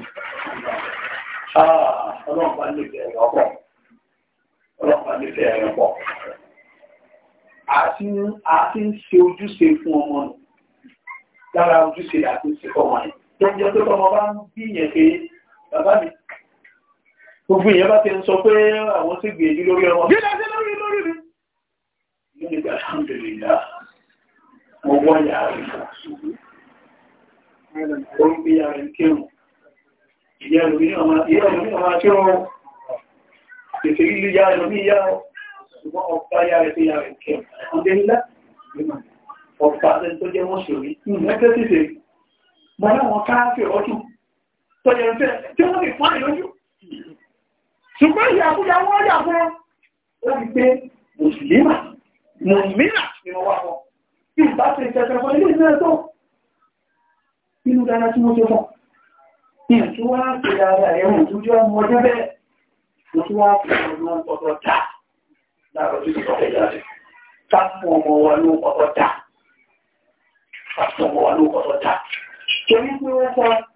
ọlọ́wọ́ bá nífẹ̀ẹ́ ẹ̀yọ́ pọ̀ ọlọ́wọ́ bá nífẹ̀ẹ́ ẹ̀yọ́ pọ̀ àti ń ṣe ojúṣe fún ọmọ lára ojúṣe àti ń ṣe fọmọ yẹn tó ń jẹ́ pé ọmọ bá ń bí yẹn pé bàbá mi gbogbo ìyẹn bá ti ń sọ pé àwọn sì gbìyànjú lórí ọmọ bí dájú lórí lórí mi. mo ní bá alhamdulillah mo wọ́n yà á rí fún un bí yàrá kírun ìyá ẹlòmí ọmọ kírun ètò ìlú yá ẹlòmí yá ọ ṣùgbọ́n ọ̀pá yàrá ti yàrá kírun alhamdulillah ọ̀pá tó jẹ́ mọ́ṣọ̀rí mẹ́tẹ́sì tọ̀yẹ̀ tẹ́ tí wọ́n lè fọ́ ìlójú. ṣùgbọ́n ìyà àbúyà wọ́n yà fún ó rí pé mùsùlùmá mùmínà ni wọ́n wà fọ́ tí ìbá ti tẹ̀sẹ̀ fọ́ ilé ìsinmi tó inú dára tí wọ́n tó fọ́ ìtú wá sí ara ẹ̀wọ̀n tó jọ ọmọ ọjọ́ bẹ́ẹ̀ mo tún wá fún ọmọ ọ̀tọ̀ ta láàrọ̀ tó ti sọ̀rọ̀ ìyá rẹ̀ ká fún ọmọ wa ló ọ̀tọ̀ ta ká fún ọmọ wa ló ọ̀tọ̀ ta torí pé wọ́n fọ́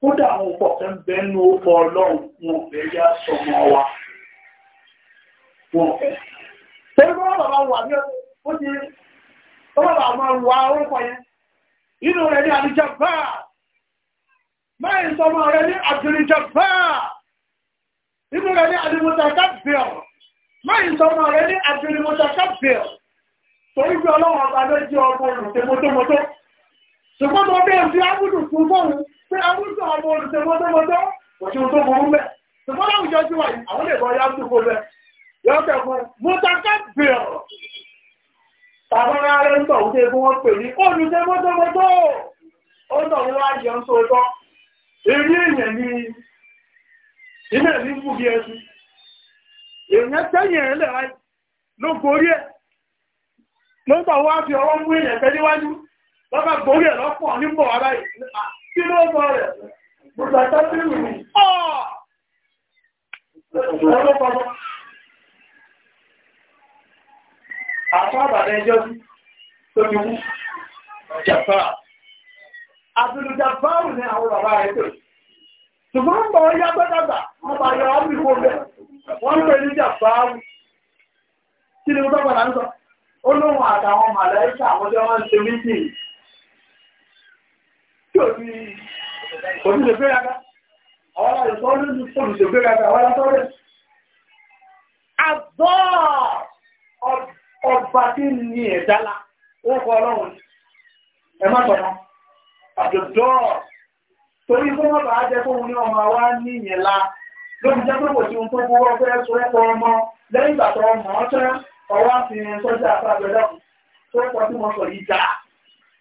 kódà àwọn ọ̀pọ̀ tẹ́ ń bẹ́nu ọkọ̀ ọlọ́run wọn fẹ́ yá sọmọ wa wọn fẹ́. tẹ́lifí wọn bàbá wà ní ó ti ó bàbá máa wà orúkọ yẹn inú rẹ̀ ní àdìjàgbá máyì sọmọ rẹ̀ ní àdìjàgbá inú rẹ̀ ní àdìmọ̀tàkà bẹ̀rù máyì sọmọ rẹ̀ ní àdìmọ̀tàkà bẹ̀rù torí pé ọlọ́run ọba ló jẹ́ ọmọ olùtẹ̀mọ́tọ́mọ́tọ́ ṣùgbọ́n mo bẹ́ẹ̀ fi ábùdù fún fóun pé ábùdù ọmọ olùsẹ̀ mọ́tọ́mọ́tọ́ kò sí ohun tó burú láwùjọ tí wà yìí àwọn lè bọ́ yábùdù kó bẹ́ yọ́kẹ́ fún mọ́tàkà bẹ̀rọ̀ tàbí ara ń tọ̀ wúdé fún wọ́n pè ní olùsẹ̀ ó tọ̀ wọ́n wá yọ sóòtọ́ èrí èèyàn ní ilé ní fúgi ẹsù èèyàn tẹ́yìn ẹ̀lẹ́ ló gorí ẹ̀ ló tọ̀ wá fi ọwọ́ mú èèyàn tẹ́líwájú lọ́ba gbórí ẹ̀ ara kí ló rẹ̀ gbogbo tó ti ní àwọn bàbá rẹ̀ Ṣùgbọ́n wọ́n yọ ọ́ bí Wọ́n pè ní jàpá. Kí ni bá padà ń sọ? Ó lóun àtàwọn tí ò sí olùṣègbéraga àwọn àìsàn olùṣègbéraga àwọn alátọ́rẹ̀. àbọ̀ ọba tí ń ní ẹ̀dá la ó kọ ọlọ́run ẹ má tọ̀nà àjọ̀dọ́ torí kó má bàá jẹ́ fóun ní ọmọ wa ní ìyẹn lóbi jẹ́ pé kò ohun tó gbowó ọgbẹ́ sọ ẹ̀kọ́ ọmọ lẹ́yìn ìgbà tó ọmọ ọ̀tẹ́ ọwọ́ àfihàn sọ́jà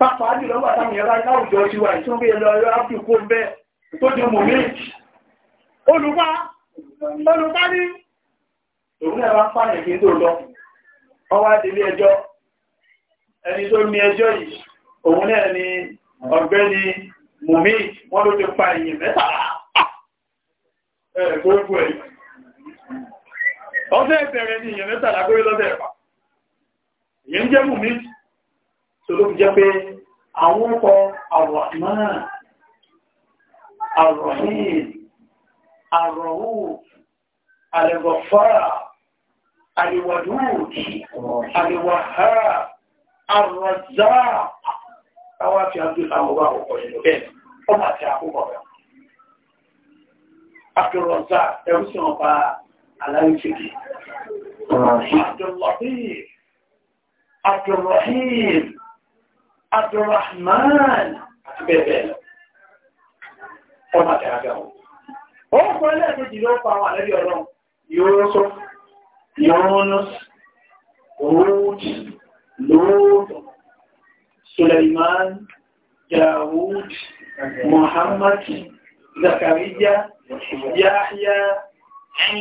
pàápàá jùlọ wà táwọn yàrá láwùjọ ti wà ìtúnbí ẹlọ ẹlọ ń bẹ tó jẹ mò olùpá olùpá ní òun ẹ̀wà pààyàn kí n tó lọ ọwá délé ẹjọ́ ẹni tó ní ẹjọ́ yìí òun náà ni ọ̀gbẹ́ni mùmí wọ́n ló ti pa èyí mẹ́tàlá jẹ́ àwọn ọkọ̀ àrọ̀mọ́nà àrọ̀hìn àrọ̀wò àlẹ́gọ̀fọ́rà àríwàdúrùkì àríwàhá àrọ̀zá káwà fi àdúrà àwọn ọba ọkọ̀ ìlú bẹ́ẹ̀ ọmọ àti àkókò rẹ̀ Abdurrahman àti bẹ́ẹ̀ ọmọ àtẹ́rẹ́gẹ́ wọn. Ó kọ́ ẹlẹ́ẹ̀kejì ló pa àwọn àlẹ́bí ọlọ́run, Yóòsó, Yónús, Rúdì, Lóòdù, Suleiman, Dawud, Muhammad, Zakariya, Yahya,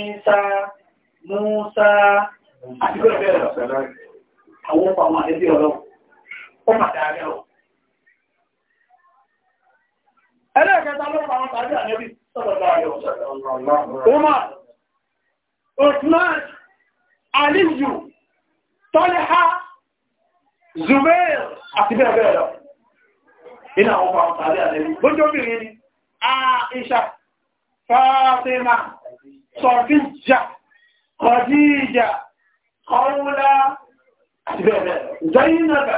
Isa, Musa, àti bẹ́ẹ̀ bẹ́ẹ̀ lọ. Àwọn ọmọ àlẹ́bí ọlọ́run. ó mà dáa gẹ́ o. ẹlẹ́ẹ̀kẹta ló pa àwọn tàbí ànẹ́bí sọ́dọ̀dọ̀ ayọ̀ Umar Osman Aliyu Tọ́lẹ́há Zubair àti bẹ́ẹ̀ bẹ́ẹ̀ lọ iná àwọn ọmọ tàbí ànẹ́bí bójú obìnrin ni Aisha Fatima Sọfíjà Khadija Kọ́wúlá àti bẹ́ẹ̀ bẹ́ẹ̀ Zainaba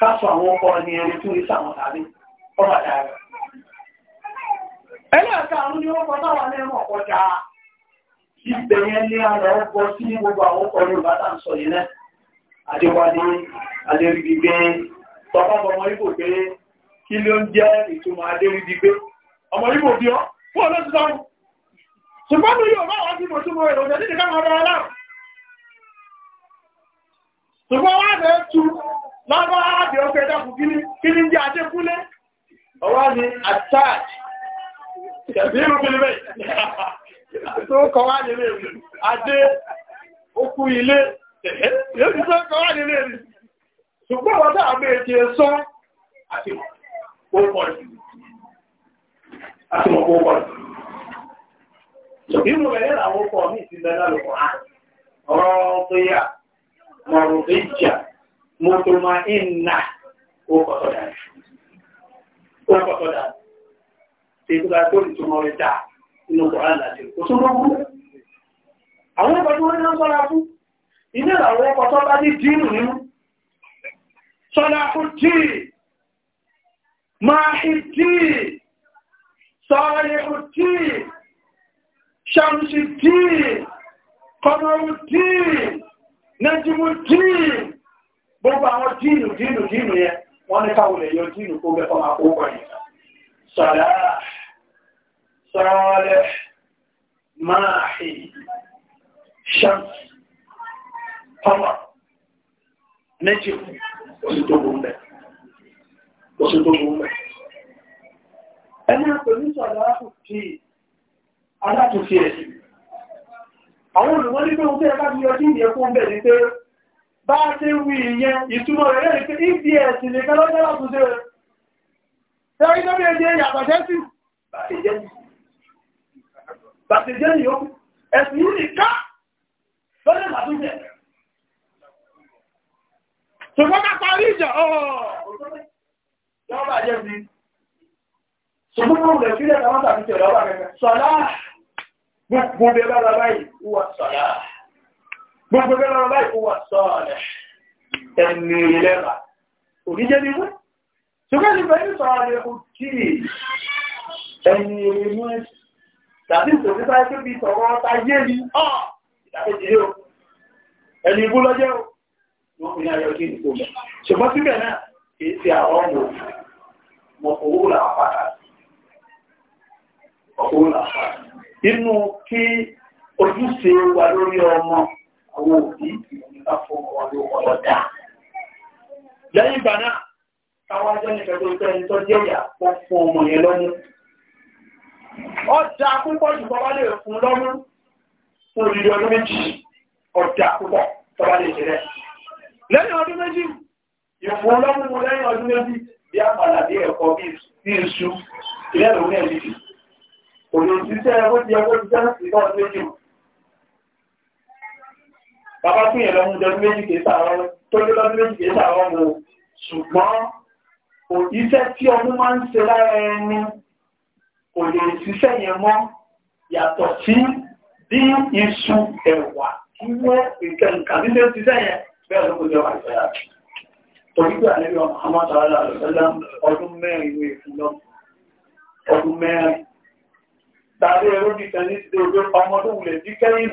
káṣọ àwọn ọkọ ní ẹni tó ìṣà àwọn tàbí ọmọ ẹlẹ́ àwọn ní ọkọ̀ táwọn ní ẹmọ ọjà ìbẹ̀yẹn ní sí gbogbo àwọn ọkọ̀ Yorùbá tá ń sọ yìí náà adéwálé ọmọ ibò pé kí ló ń ọmọ ibò bí ọ fún ṣùgbọ́n mi yóò bá mo ṣùgbọ́n bẹ̀ẹ́ tu fún kíní kíní jẹ́ Adékúnlé ọwá ni attach tẹ̀sí irú kíní tó kọ wá nílé rí adé okú ilé yóò ti tó kọ wá nílé rí ṣùgbọ́n wọ́n dáa bẹ́ẹ̀ ti sọ àti pọ́pọ̀ àti pọ́pọ̀ inú rẹ̀ mọ̀rùn-ún ìjà mọ̀tòmá ìnà ó kọ́tọ̀ dà ó kọ́tọ̀ dà ṣe tó bá tó ìtumọ̀ rẹ̀ dà nínú kọ̀ọ̀rán láti kò tó ló kú àwọn ọkọ̀ tí wọ́n ní sọ́ra fún ilé àwọn ọkọ̀ tó bá ní dínú nínú sọ́ra fún díì máa ṣe díì sọ́ra fún díì ṣàmùsì díì kọmọrù díì nẹ́jìmù díì gbogbo àwọn dínú dínú dínú yẹn wọ́n ní káwọlẹ̀ yọ dínú kó mẹ́kọ́ máa kó wọ̀nyí sọ̀lá sọ́ọ̀lẹ̀ máàhì ṣáǹtì pọ́mọ̀ méjì oṣù tó burú bẹ̀ ẹni àpẹẹrẹ sọ̀lá àtúntì alátúntì ẹ̀sìn àwọn olùwọ́n yọ bá ṣe wí ìyẹn ìtumọ̀ rẹ̀ rẹ̀ pé ebs nìkan lọ́jọ́ látúnṣe rẹ̀ tẹ́rí tó bí ẹjẹ́ yàtọ̀jẹ́ sí bàtẹ̀jẹ́ ni ó ẹ̀sùn yìí nìká lọ́jọ́ látúnṣe ṣùgbọ́n ká parí ìjà ọ̀rọ̀ ọ̀rọ̀ gbogbo ẹgbẹ́ lọ́rọ̀ báyìí wà sọ́ọ̀lẹ̀ ẹni ìlera oníjẹ́ ní wọ́n ṣùgbọ́n ní bẹ̀rẹ̀ sọ́ọ̀lẹ̀ òkì ẹni ìrìnú ẹ̀sì tàbí ìtòsí táyé tó bí sọ̀rọ̀ ọ̀tá yé ni ọ̀ ìdàkejì o ẹni ibú lọ́jẹ́ o ló fi ayọ̀ kí nìkó mẹ́ ṣùgbọ́n síbẹ̀ náà kì í ṣe àwọn ọmọ mọ owó làwọn padà owó làwọn padà inú kí ojúṣe wà lórí ọmọ àwọn òbí ìgbà fún wọn ló wọ́n lọ́dà. lẹ́yìn ìgbà náà káwọn ajọ́ ní ìfẹ́ tó ń tẹ́ni tó jẹ́ ìyá ó fún ọmọ yẹn lọ́mú. ọjà púpọ̀ jù bọ́ bá lè fún lọ́mú fún òdìdí ọdún méjì ọjà púpọ̀ tó bá lè jẹ́ rẹ̀. lẹ́yìn ọdún méjì ìfún lọ́mú mu lẹ́yìn ọdún méjì bí àpàlà bí ẹ̀kọ́ bí iṣu ìrẹ́lùmí ẹ̀ bàbá tún yẹn lọ́mú dọ́dún méjì kìí sàárọ̀ tó lé lọ́dún méjì kìí sàárọ̀ mọ́ ṣùgbọ́n iṣẹ́ tí ọmú máa ń ṣe lára ẹni kò lè ṣiṣẹ́ yẹn mọ́ yàtọ̀ sí bí iṣu ẹ̀wà tí wọ́n ìkẹ̀ǹkà nílé ṣiṣẹ́ yẹn bẹ́ẹ̀ ló kò jẹ́ wà ìṣẹ́yà torí pé àlejò Muhammad sallallahu alaihi wasallam ọdún mẹ́rin ìwé ìfúnlọ́ ọdún mẹ́rin tàbí ẹrú nìkan ní ti dé ojú ọmọdún wulẹ̀ bí kẹ́yìn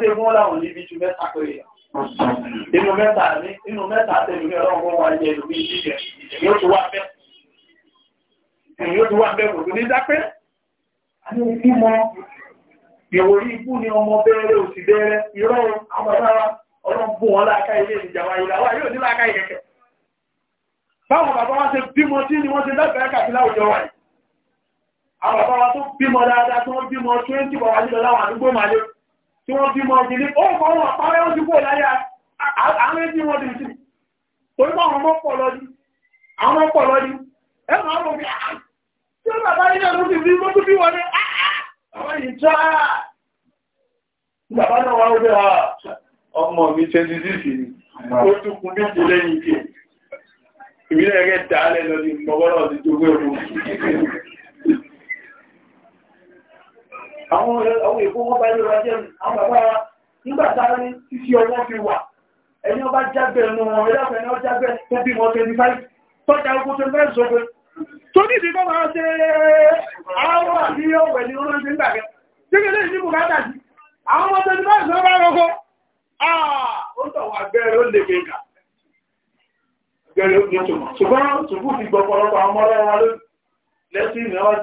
pé wọ́n láwọn níbi ju mẹ́ta péré inú mẹ́ta ní inú mẹ́ta tẹ̀lé ní ọlọ́run wọ́n wá jẹ ìlú bíi jíjẹ yóò ti wá bẹ́ẹ̀ yóò ti wá bẹ́ẹ̀ kò tó ní dápẹ́ àní ìmọ ìwòrí ikú ni ọmọ bẹ́ẹ̀rẹ̀ òsì bẹ́ẹ̀rẹ̀ irọ́ àwọn ọ̀rọ̀ ọlọ́run bù wọn láàká ilé ìjàwá ìlàwà yóò ní láàká ìkẹ̀kẹ̀ báwọn bàbá wọn ṣe bímọ tí ni wọ́n ṣe dábẹ̀ẹ́ kàfíláwùjọ twenty-six ni ó tún kun dípò lẹ́yìn ìké ìbílẹ̀ rẹ̀ dàálẹ̀ lọ ní mọ̀gọ́rọ̀ ti tó gbé òun. àwọn àwọn èkó wọn bá ilé wa jẹ́ àwọn bàbá wa nígbà tára ní títí ọwọ́ fi wà ẹni ọba jábẹ̀ nù wọn ẹlẹ́fẹ̀ẹ́ ni ọ jábẹ̀ tó bí wọn twenty tọ́jà ogun twenty-five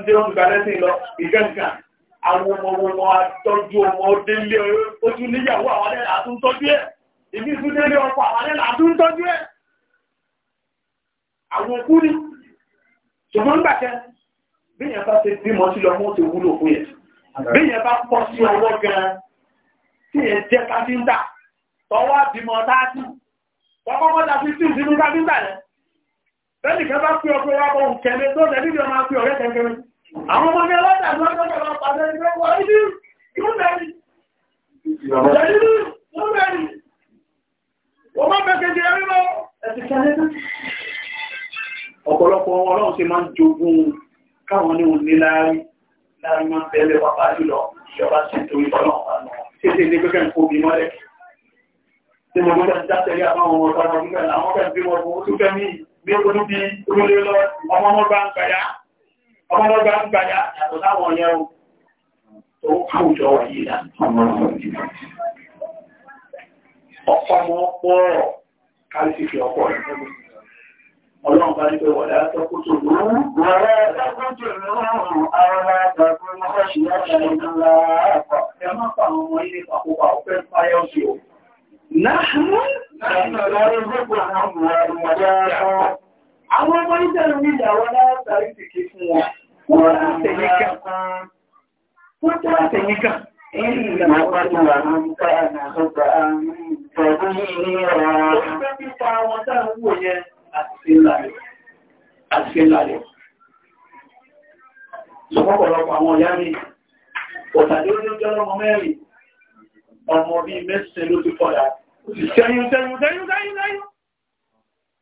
dé wọn gba lẹ́sìn lọ ìkẹ́ǹkà àwọn ọmọ wọn wọn àtọ́jú ọmọ délé ojú níyàwó àwọn alẹ́ làtún tọ́jú ẹ̀ ìbí tún délé ọkọ àwọn alẹ́ làtún tọ́jú ẹ̀ àwọn òkú ni ṣùgbọ́n ń gbàkẹ́ bí yẹn bá ti bímọ sí lọ mọ́ ti wúlò fún yẹn bí yẹn bá pọ̀ sí ọwọ́ gan-an tí yẹn jẹ́ káfíńtà tọwọ́ bímọ táàtì tọkọ́kọ́ ta fi sí ìsinmi káfíńtà yẹn bẹ́ẹ̀ nìkan bá pín ọkọ̀ wá bọ̀ Àwọn ọmọ mi ọlọ́dà ló gbọ́dọ̀ lọ pàdé ìgbẹ́ wọ ìlú yóò bẹ̀rẹ̀. Ìlú yóò bẹ̀rẹ̀. Wọ́n máa bẹ̀kẹ̀ jẹ rí lọ. Ọ̀pọ̀lọpọ̀ ọlọ́run ti máa ń jogún káwọn ní òun ní láàárín láàárín máa ń bẹ̀rẹ̀ pàpá jùlọ ìjọba sí torí ọlọ́run. Ṣé ti ní pẹ́kẹ́ ń kó bí mọ́lẹ̀? Ṣé mo gbọ́dọ̀ dátẹ̀lé àbáwọn ọmọ ọ̀tọ̀ àwọn ọmọ bí wọn kò tún fẹ́ mí bí ó tún bí ó ọmọdé gbàgbàjá yàtọ̀ láwọn yẹn o tó káwùjọ wà yìí là ọkọ ọmọ ọpọ káàsì fi ọkọ rẹ ọlọ́run bá ní pé wọ̀lá àtọ́kùtù lóòrùn wọ̀lá àtọ́kùtù lóòrùn àwọn àtàkùn mọ́kọ́ sí láṣẹ́ ìdánlá àpá ẹ má pa àwọn ọmọ ilé pàpọ̀pà ọ̀fẹ́ fáyọ́ sí o náà náà lọ́rọ̀ gbogbo àwọn ọmọ ọmọdé Àwọn ọmọ ìjẹ̀rù ní ìyàwó látàrí tìkí fún wọn, wọ́n látẹ̀yíkà. Wọ́n tó látẹ̀yíkà. Ìrìnà pàtàkì àwọn ọmọkà náà ọgbà àmì ìtọ́gbọ́n ní ìrọ̀. Ó ń fẹ́ pípa wọn dáa wò yẹn àti sí lálẹ̀. Ṣọ́pọ̀lọpọ̀ àwọn ìyá mi, ọ̀tàdé ló jẹ́ ọmọ mẹ́rin, ọmọ bíi mẹ́sìn ló ti fọ́dá. Ṣẹ́yìn, ṣẹ́yìn, ṣẹ́yìn, ṣẹ́yìn, ṣẹ́yìn.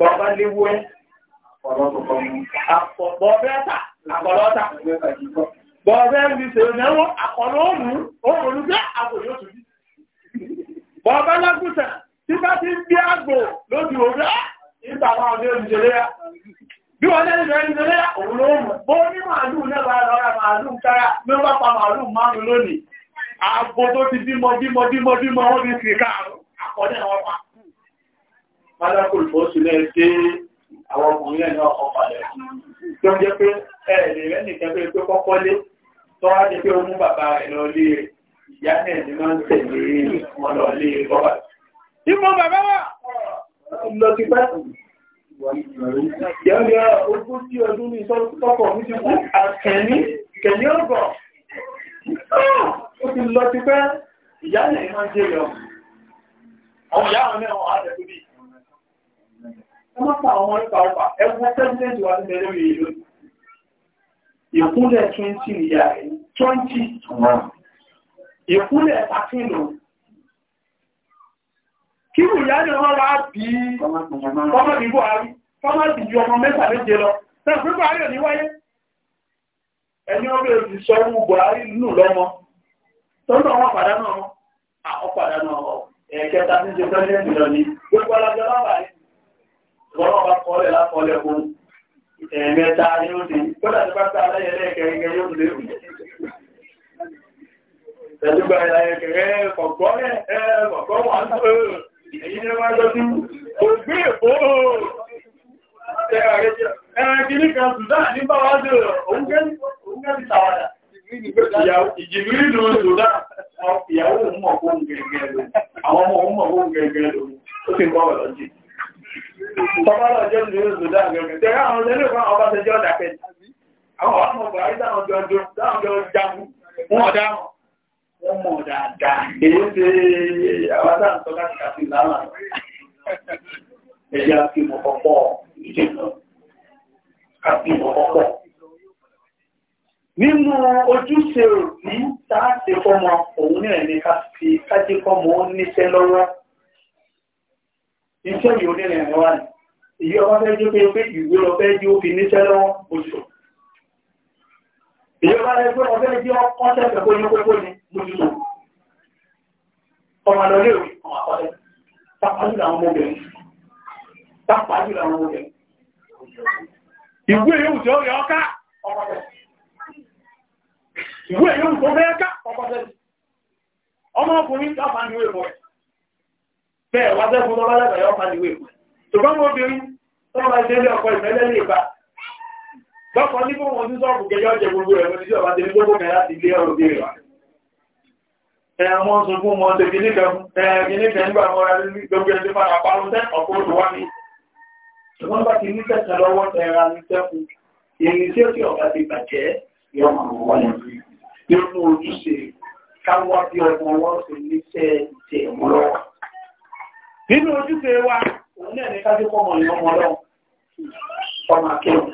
bọ́ọ̀bá léwó ẹ́ ọ̀rọ̀kọ̀kọ̀ mú. Bọ́ọ̀bẹ́ ẹ̀ta àkọlọ́ta. Bọ́ọ̀bẹ́ ẹ̀mí ṣèrò mẹ́wọ́ àkọlọ́ òmù òmùlùgbẹ́ àgbò yóò tún bí. Bọ́ọ̀bá lágùsà tí bá ti ń bí àgbò lójú òbí ìgbà máa ní olùjẹlé yá. Bí wọ́n lẹ́nu rẹ̀ ní olùjẹlé yá òun ló mú. Bó ní màálù náà bá lọ́ra màálù kára ló bá pa màálù márùn-ún lónìí. Àgbò tó ti bímọ bímọ bímọ bímọ wọ́n ti sì káàrún àkọ́dẹ̀ wọn Málákùn fó sílẹ̀ dé àwọn ọkùnrin ẹ̀nà ọkọ̀ padà. Tí ó jẹ́ pé ẹ̀ẹ̀lẹ̀ rẹ̀ nìkan pé pé kọ́kọ́ lé, tó wá jẹ́ pé ó mú bàbá rẹ̀ lọ lé rẹ̀, ìyá náà ni máa ń tẹ̀lé wọn lọ lé bọ́bà. Ìmọ̀ bàbá wà! Lọ ti pẹ́. Ìyá ogójì ọdún ní sọ́kọ̀ mi ti kú àkẹ́ní, kẹ̀ní ọ̀gọ̀. Ó ti lọ ti pẹ́, ìyá náà máa ń jẹ́ yọ. Àwọn ẹ má pa ọmọ nípa ọpa ìkúnlẹ̀ twenty kí wù ìyá ni wọ́n wá bí ọmọ ìbò àrí fọ́mọ́ sì ju ọmọ mẹ́ta méje lọ náà pípa ayọ̀ ní wáyé ẹni ọ̀rẹ́ òsì sọ ohun Buhari nù lọ́mọ tọ́lọ́ lọ́wọ́ bá kọ́lẹ̀ lákọ́lẹ̀ kú ẹ̀ẹ̀mẹta yóò di kódà tó bá ta aláyẹ lẹ́ẹ̀kẹ́rẹ́kẹ́ yóò lé wù. pẹ̀lú gba ìlàyẹ kẹ̀kẹ́ kọ̀kọ́ ẹ̀ kọ̀kọ́ wà ń tó èyí ni wọ́n lọ sí ògbé èkó ẹ̀rẹ̀ kìíní kan Sudan ní bá wá dé òun kẹ́ ti tàwádà ìjìbìrì ló ń Sudan ìyàwó òun mọ̀ fóun gẹ̀gẹ̀ lò àwọn ọmọ òun mọ̀ fóun gẹ̀gẹ̀ lò ó sì ń bọ́ ọ̀rọ̀ Tọ́bọ́lọ̀ jẹ́ ìlú ìlú dáàgbẹ̀rẹ̀. Tẹ́rẹ àwọn ọjọ́ ìlú ọba tẹjọ́ dàkẹ́. Àwọn ọmọ ọba àrídà ọjọ́ ọjọ́ ọjọ́ jagun. Wọ́n ọ̀dá Wọ́n mọ̀ dáadáa. Èyí iṣẹ́ yìí onírìn ẹ̀rọ wà ní èyí ọba fẹ́ jí pé pé ìwé lọ fẹ́ jí ó fi níṣẹ́ lọ́wọ́ oṣù èyí ọba fẹ́ jí ọfẹ́ jí ọkọ́ tẹ́fẹ́ kó ní kókó ní mójútó ọmọ lọ lé òní ọmọ akọ́tẹ́ tápájú làwọn ọmọbìnrin tápájú làwọn ọmọbìnrin ìwé yóò jẹ́ ọ̀rẹ́ ọká ọkọ́tẹ́ ìwé yóò tó fẹ́ ká ọkọ́tẹ́ ọmọkùnrin tápá ní ìwé mọ́ ẹ̀ bẹ́ẹ̀ wá sẹ́kùn tó bá lẹ́gbẹ̀ẹ́ yọ pàdé wèé ṣùgbọ́n mo obìnrin tó bá ṣe ilé ọkọ ìfẹ́lẹ́ lè bá lọ́kọ̀ ní kó wọn ní sọ́ọ̀bù kẹjọ jẹ gbogbo rẹ̀ lórí ọba tẹ̀lé gbogbo kẹ láti ilé ọ̀rọ̀ bí rẹ̀ ẹ àwọn sọ fún wọn tẹ̀lé nígbà nígbà nígbà wọn rẹ̀ gbogbo ẹni fara parun tẹ́ ọkọ̀ tó wá ní ṣùgbọ́n bá ti ní tẹ̀sán lọ́wọ́ tẹ̀ra ní sẹ́kùn ìrìn tí ó ti ọ̀gá ti bàjẹ́ yọ àwọn wọlé nínú ojúṣe káwọ́ bí ọmọ wọn ṣe ní sẹ́ẹ̀ tẹ̀ wọn nínú ojúṣe wa òun náà ní kájú pọ́mọ ìyá ọmọ ọlọ́run ọmọ akẹ́wọ̀n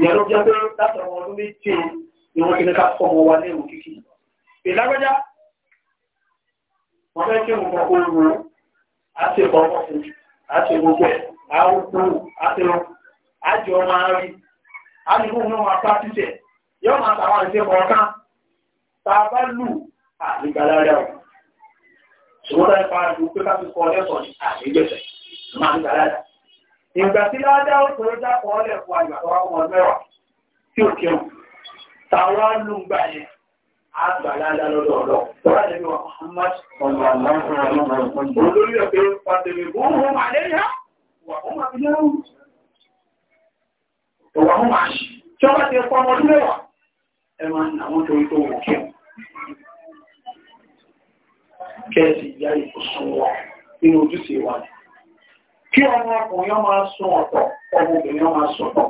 ìyá ló jẹ́ pé láti ọmọ ọdún méje ni wọ́n ti ní ká pọ́mọ wa ní ìwò kíkì ìlágbájá wọ́n fẹ́ kí òun kọ́kọ́ ru àti ìkọ́kọ́ fún àti gbogbo ẹ̀ àwùkù àti àjọ máa rí àdìgbò náà máa pa títẹ̀ yóò máa tàwọn àti ẹ̀kọ́ kan tá a bá lù àdìgbàlárí ìwọ́n láì pa ìlú ká fi kọ́ ọlẹ́sọ̀ ní àìgbẹ̀sẹ̀ máa ń gbàlá. ìgbà tí ládá òkúrò dákọ̀ ọlẹ̀ fún àgbà tó wọn mẹ́wàá tí táwọn olórí ẹ̀ pé pàtẹ́lẹ̀ kẹ́ẹ̀sì ìyá ìfòsùn wọn nínú ojúṣe wa kí ọmọ ọkùnrin ọmọ sún ọ̀tọ̀ ọmọ obìnrin ọmọ sún ọ̀tọ̀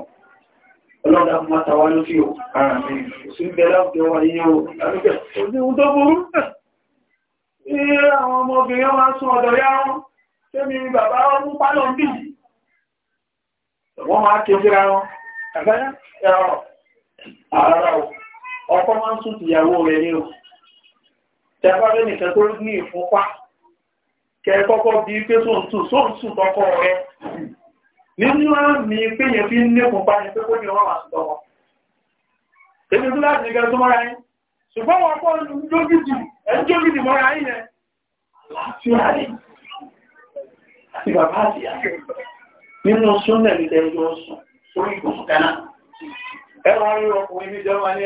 ọlọ́dà mọ́ta wá lókè o ara mi sí ń bẹ láwùjọ wa yíyẹ o lálùkẹ́ òṣèlú tó burú ní àwọn ọmọbìnrin ọmọ sún ọ̀dọ̀ yá wọn tẹ́mi bàbá wọn mú pálọ̀ ń bì wọ́n máa ké síra wọn àbáyá ẹ̀rọ ara ọkọ máa ń sún tìyàwó tẹ́fàfẹ́ nìkan tó ní ìfúnpá kẹ́ẹ̀kọ́kọ́ bí pé sóǹtù sóǹtù tọ́kọ́ rẹ̀ nínú àmì pé yẹn fi ní ìfúnpá ní pé kó ní ọwọ́ àti tọ́wọ́ èmi tó láti nìkan tó mọ́ra yín ṣùgbọ́n wọn kọ́ lójúdì ẹjọ́gìdì mọ́ra yín yẹn láti àlè àti bàbá àti àlè nínú súnlẹ̀ ní ẹjọ́ sùn sórí ìgbòsùn kaná ẹwọ́n rí ọkùnrin ní jẹ́ wọn ní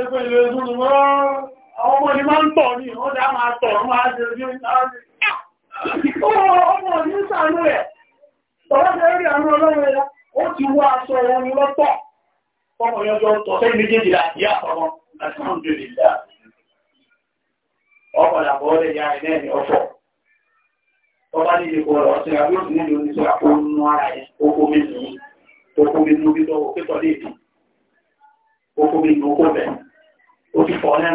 ẹ àwọn ọmọ ni máa ń tọ̀ ní wọ́n máa tọ̀ máa jẹ́ ojú ọmọ ní sàánú rẹ̀ tọ́wọ́dẹ̀ rí àwọn ọlọ́run ẹ̀yà ó ti wá aṣọ wọn lọ́tọ̀ ọmọ ìyọjọ́ tọ́ sẹ́yìn méjèèjì ìyàbọ̀ ọ̀fọ̀ ọba ní ọ̀rọ̀ ọ̀sẹ̀ ní sọ ara ẹ̀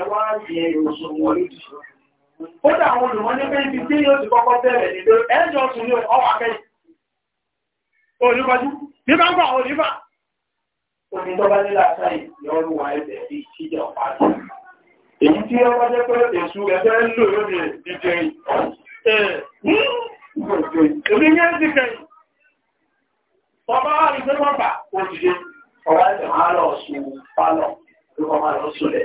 ẹwà yẹ òṣùwọ̀n lójú. Ó dà àwọn olùmọ́ ní pé ibi tí yóò ti kọ́kọ́ bẹ̀rẹ̀ ní pé ẹjọ́ tún ní ọwọ́ akẹ́yìn. Olúkọjú, ní bá ń gbà olúbà. Omi tó bá nílà yọrù wà ẹ̀bẹ̀ bí ìjọ pàdé. Èyí tí ó pálọ̀, ló kọ́ lẹ̀.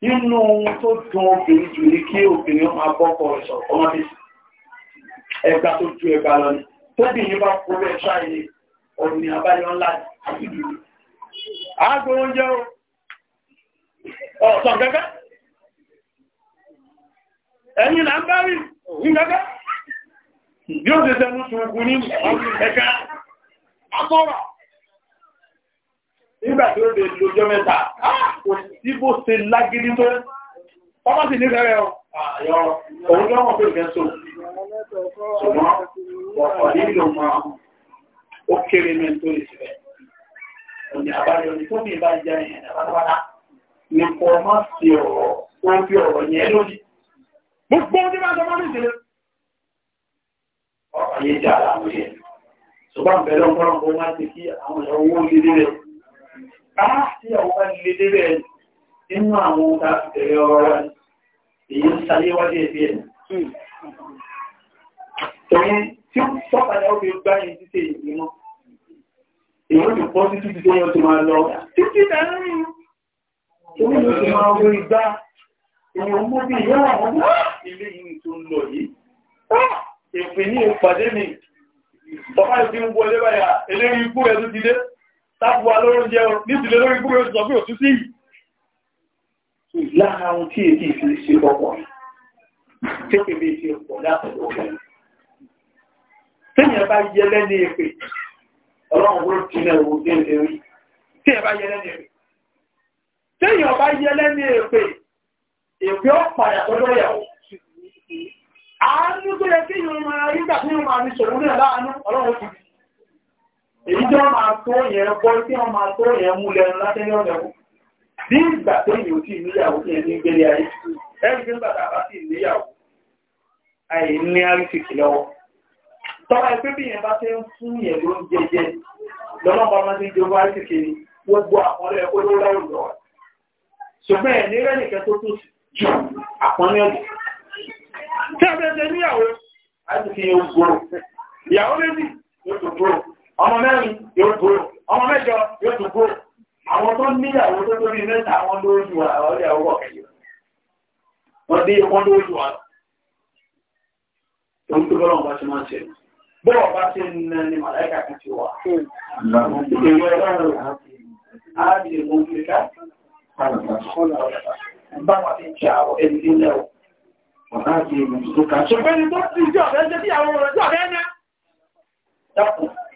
nínú ohun tó dùn obìnrin jù ní kí obìnrin máa bọ́kọ rẹ̀ sọ̀rọ̀ ọmọ bí ẹgbà tó ju ẹgbà lọ ni tóbìnrin bá kó rẹ̀ ṣáàyè ọ̀nì àbáyọ ńlá àbídú àgbo oúnjẹ o ọ̀sán gẹ́gẹ́ ẹ̀yìn là ń bá rí ní gẹ́gẹ́ yóò ṣe sẹ́nu sùn ogun ní ẹ̀ka àtọ́rọ̀ nígbà tí ó lè lójọ́ mẹ́ta ah, kò sí bó ṣe lágídí tó ọmọ sì ní fẹ́rẹ̀ ọ̀yọ́ òun lọ́wọ́ pé ìfẹ́ so ṣùgbọ́n ọ̀pọ̀ nílò mọ́ ó kéré mẹ́tò ìṣẹ̀lẹ̀ òní àbáyọ ní tó ní ìbá jẹ́ ìyẹn àbábára ní kò má sí ọ̀rọ̀ tó ń fi ọ̀rọ̀ yẹn lórí gbogbo ohun tí bá sọ mọ́ ní ìṣẹ̀lẹ̀ ọ̀rọ̀ yẹn jà láwọn yẹn ṣùgbọ́n bẹ̀rẹ̀ ọgbọ́n ọgbọ́n wá ti kí àwọn ìyàwó owó lílé rẹ̀ Ààtí ah, ọ̀pá lè débẹ̀ inú àwọn ọ̀tá ìtẹ̀rẹ ọ̀rọ̀ wa ní èyí ń sàlé wájé ẹ̀bí ẹ̀. Tọ́yí tí ó sọ́pàá ó fi gbá yìí títẹ̀ ìgbì mọ́. Èyí ó ti pọ́ sí títí tó yọ tó máa lọ. Títí dáárín. Omi ló ti máa wọ igbá. Èyàn mú bí ìyá àwọn ah! ilé yìí tó ń lọ yìí. Ah! Èpè ní ìpàdé mi. Bàbá ìdí ń tábùwà lóúnjẹ nítìlẹ̀ lórí gúrò sọ pé òtú sí lára ohun tí èdè ìfi ṣe ọ̀pọ̀ tí pè bí ṣe ọ̀pọ̀ látọ̀dọ̀ ọ̀pọ̀ téèyàn bá yẹ lẹ́ni èpè ọlọ́run ló ti lẹ̀ wò dé ìlérí téèyàn bá yẹ lẹ́ni èpè téèyàn bá yẹ lẹ́ni èpè èpè ọ̀pàyà tọ́jọ́ yàwó àánú tó yẹ kéèyàn máa rí gbà tí yóò máa ní ṣòwò náà láàánú ọlọ́run ti èyí tí wọ́n máa tó yẹn bọ́ tí wọ́n máa tó yẹn mú lẹ́nu látẹ́lẹ́ ọ̀dẹ̀kùn bí ìgbà tó yìí ò tí níyàwó yẹn ní gbélé ayé ẹni tí ń bàtà bá sì níyàwó àì ní àríṣìkì lọ́wọ́ tọ́wọ́ ẹgbẹ́ bí yẹn bá fẹ́ ń fún yẹn ló ń jẹjẹ lọ́nà bá máa ti jogún àríṣìkì ni gbogbo àpọ́nlé ẹ̀kọ́ ló lọ́rùn lọ́wọ́ ṣùgbọ́n ẹ̀ ní rẹ́nìkẹ́ tó tó ju àpọ́nlé ọ̀dọ̀ tí a fẹ́ ṣe níyàwó àti fi yẹn gbòòrò ọmọ mẹ́rin yóò tó ọmọ mẹ́jọ yóò tó kó àwọn tó níyàwó tó tóbi mẹ́ta wọn lójú àwọn ìyàwó ọ̀kẹ́yẹ wọ́n dé wọn lójú wa tó ń tó bọ́lọ̀ wọn bá ṣe máa ń ṣe bọ́ọ̀ bá ṣe ń nà ní màláìka kan ti wà ìwé ọlọ́run á di èmú kíkà báwa ti ń ṣe àwọn ẹni nílẹ̀ o ọ̀nà àti èmú kíkà ṣùgbọ́n ní tó ti jẹ́ ọ̀fẹ́ ṣe bí àwọn ọ̀rọ̀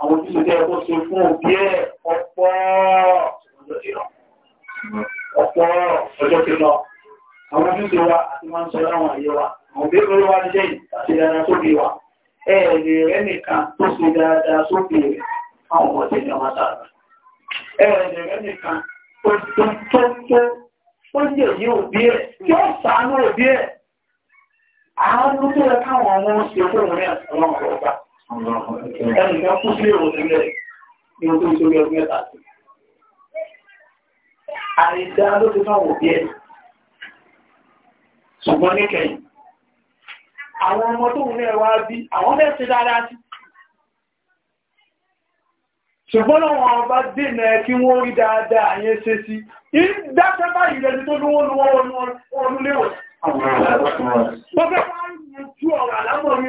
àwọn ojúṣe tẹ́ kó ṣe fún òbí ẹ̀ ọ̀pọ̀ ọ̀pọ̀ ọjọ́ ti lọ àwọn ojúṣe wa àti máa ń sọ láwọn àyè wa àwọn òbí lórí wa ní lẹ́yìn dáadáa sóbì wa ẹ̀ lè rẹ́nìkan tó ṣe dáadáa sóbì àwọn ọmọ tẹ̀lé ọmọ sára ẹ̀ lè rẹ́nìkan tó tó tó tó ń yẹ̀ òbí ẹ̀ tí ó sàánú òbí ẹ̀ àwọn olùkọ́ ẹ̀ káwọn ọmọ ṣe fún òun ní àtàwọn ọ̀rọ̀ ẹnì kan kú sí èrò sílẹ̀ ní o tó ń sórí ọdún mẹ́ta sí. àìdá ló ti fáwọn òbí ẹ̀ ṣùgbọ́n níkẹyìn àwọn ọmọ tó ń rẹ̀ wá bí àwọn fẹ́ ṣe dáadáa sí. ṣùgbọ́n làwọn ọba dènà kí wọ́n rí dáadáa yẹn ṣe sí ìdáṣẹ́ báyìí lẹ́ni tó lówó lówó wọnú léwọ̀. wọ́n fẹ́ wá ń mú ojú ọ̀rọ̀ àlámọ̀ mi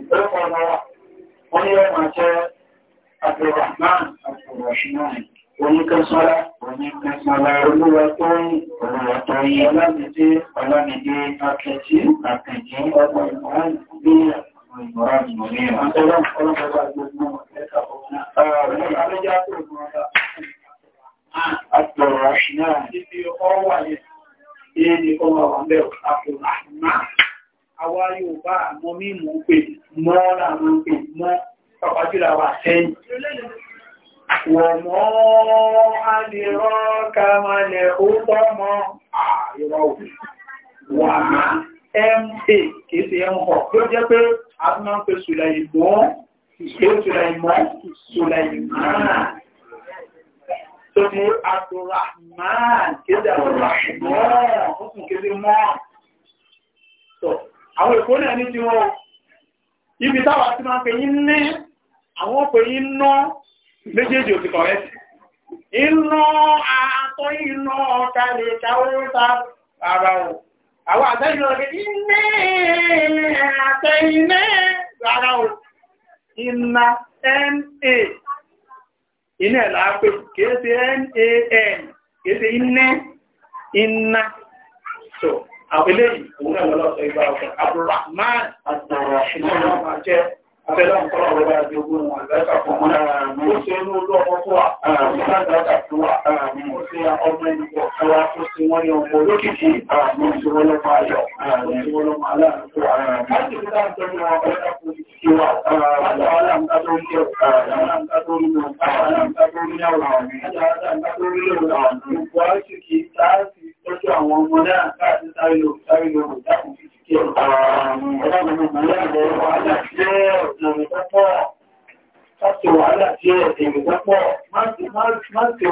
ìgbẹ́kọ̀ọ́ náà wọ́n ní ọmọ jẹ́ abdulrahman abdulrahman oníkẹ́sọ́lá oníkẹ́sọ́lá olúwa tó ń olúwa tó ń ọlámidé ọlámidé akẹ́jì akẹ́jì ọgbọ̀ ìmọ̀ràn ìgbéyà ìmọ̀ràn ìmọ̀ràn àtọ́lá ọlọ́pàá gbogbo ẹ̀ka ọ̀gbọ̀n ààrẹ alẹ́jà tó ìmọ̀ràn abdulrahman ibi ọwọ́ wà yẹn èyí ni ọmọ wà bẹ́ẹ̀ abdulrahman àwa Yorùbá àmọ́ mímú ń pè mọ́ làwọn ń pè mọ́ pàpájúlà wà sẹ́yìn wọ̀mọ́ alìrọ́ kamalẹ̀ ó tọ́mọ́ àìrọ̀ wà má ma kìí ṣe ẹ̀họ̀ tó jẹ́ pé a ti máa ń pè Sùlàìmọ́ Sùlàìmọ́ Sùlàìmọ́ tó ní Abdulrahman kéde Abdulrahman ó sì kéde mọ́ àwọn èkó náà ní ti wọn ibi táwà tí máa pè yí ní àwọn pè yí ná méjèèjì ò ti kọ̀rẹ́ iná àtọ́ iná ọ̀ta lè káwọ́ ta ara o àwọn àtẹ́yìn ọ̀rẹ́ iná àtẹ́yìn ara o iná na iná ẹ̀ láàpẹ́ kéèsè nan kéèsè iná iná so àwọn eléyìí òun náà lọ́lọ́sọ ìgbà ọ̀sán Abdulrahman àti ọ̀rọ̀ ìmọ̀ ọ̀rọ̀ máa jẹ́ abẹ́lá ń tọ́lọ̀ ọ̀rọ̀ àti ogun àgbẹ́ta fún wọn. Ó ṣe inú olú ọmọ fún wa, ìgbàgbàta fún wa, ó ṣe ọmọ ìgbọ̀ fún wa, ó ṣe wọ́n ní ọmọ olókìkí, ó ṣe wọ́n lọ́mọ ayọ̀, ó ṣe wọ́n lọ́mọ aláàrùn fún wa. Á ti rí láti tọ́jú wọn ọ̀rẹ́ta fún ìṣẹ́ wa, àwọn aláǹkà tó ń jẹ́ àwọn aláǹkà tó ń mú, àwọn aláǹkà tó ń yàwó, àwọn aláǹkà tó ń lè wà, gbogbo àṣìkì táà sì tọ́jú àwọn ọmọ náà káàkiri sáré lòrùn, sáré lòrùn, dákùn fi Láti wàhálà tí ẹ̀ èmì dápọ̀, máa ti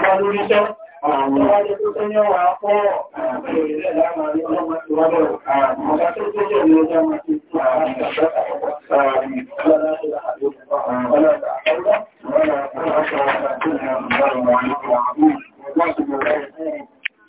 wá lórí iṣẹ́, àwọn ọmọdé tó tẹ́yẹ wà pọ̀, àwọn ìrìnlẹ̀ láàrin ọmọdé tó wá bẹ̀rẹ̀, àwọn ọmọdé tó tẹ́yẹ ní ọjọ́ máa ti tó àwọn ìgbàgbàtà ọ̀pọ̀ sáàrin, ọlọ́dá tó láàrin ọjọ́, ọlọ́dá àwọn ọmọdé tó tẹ́yẹ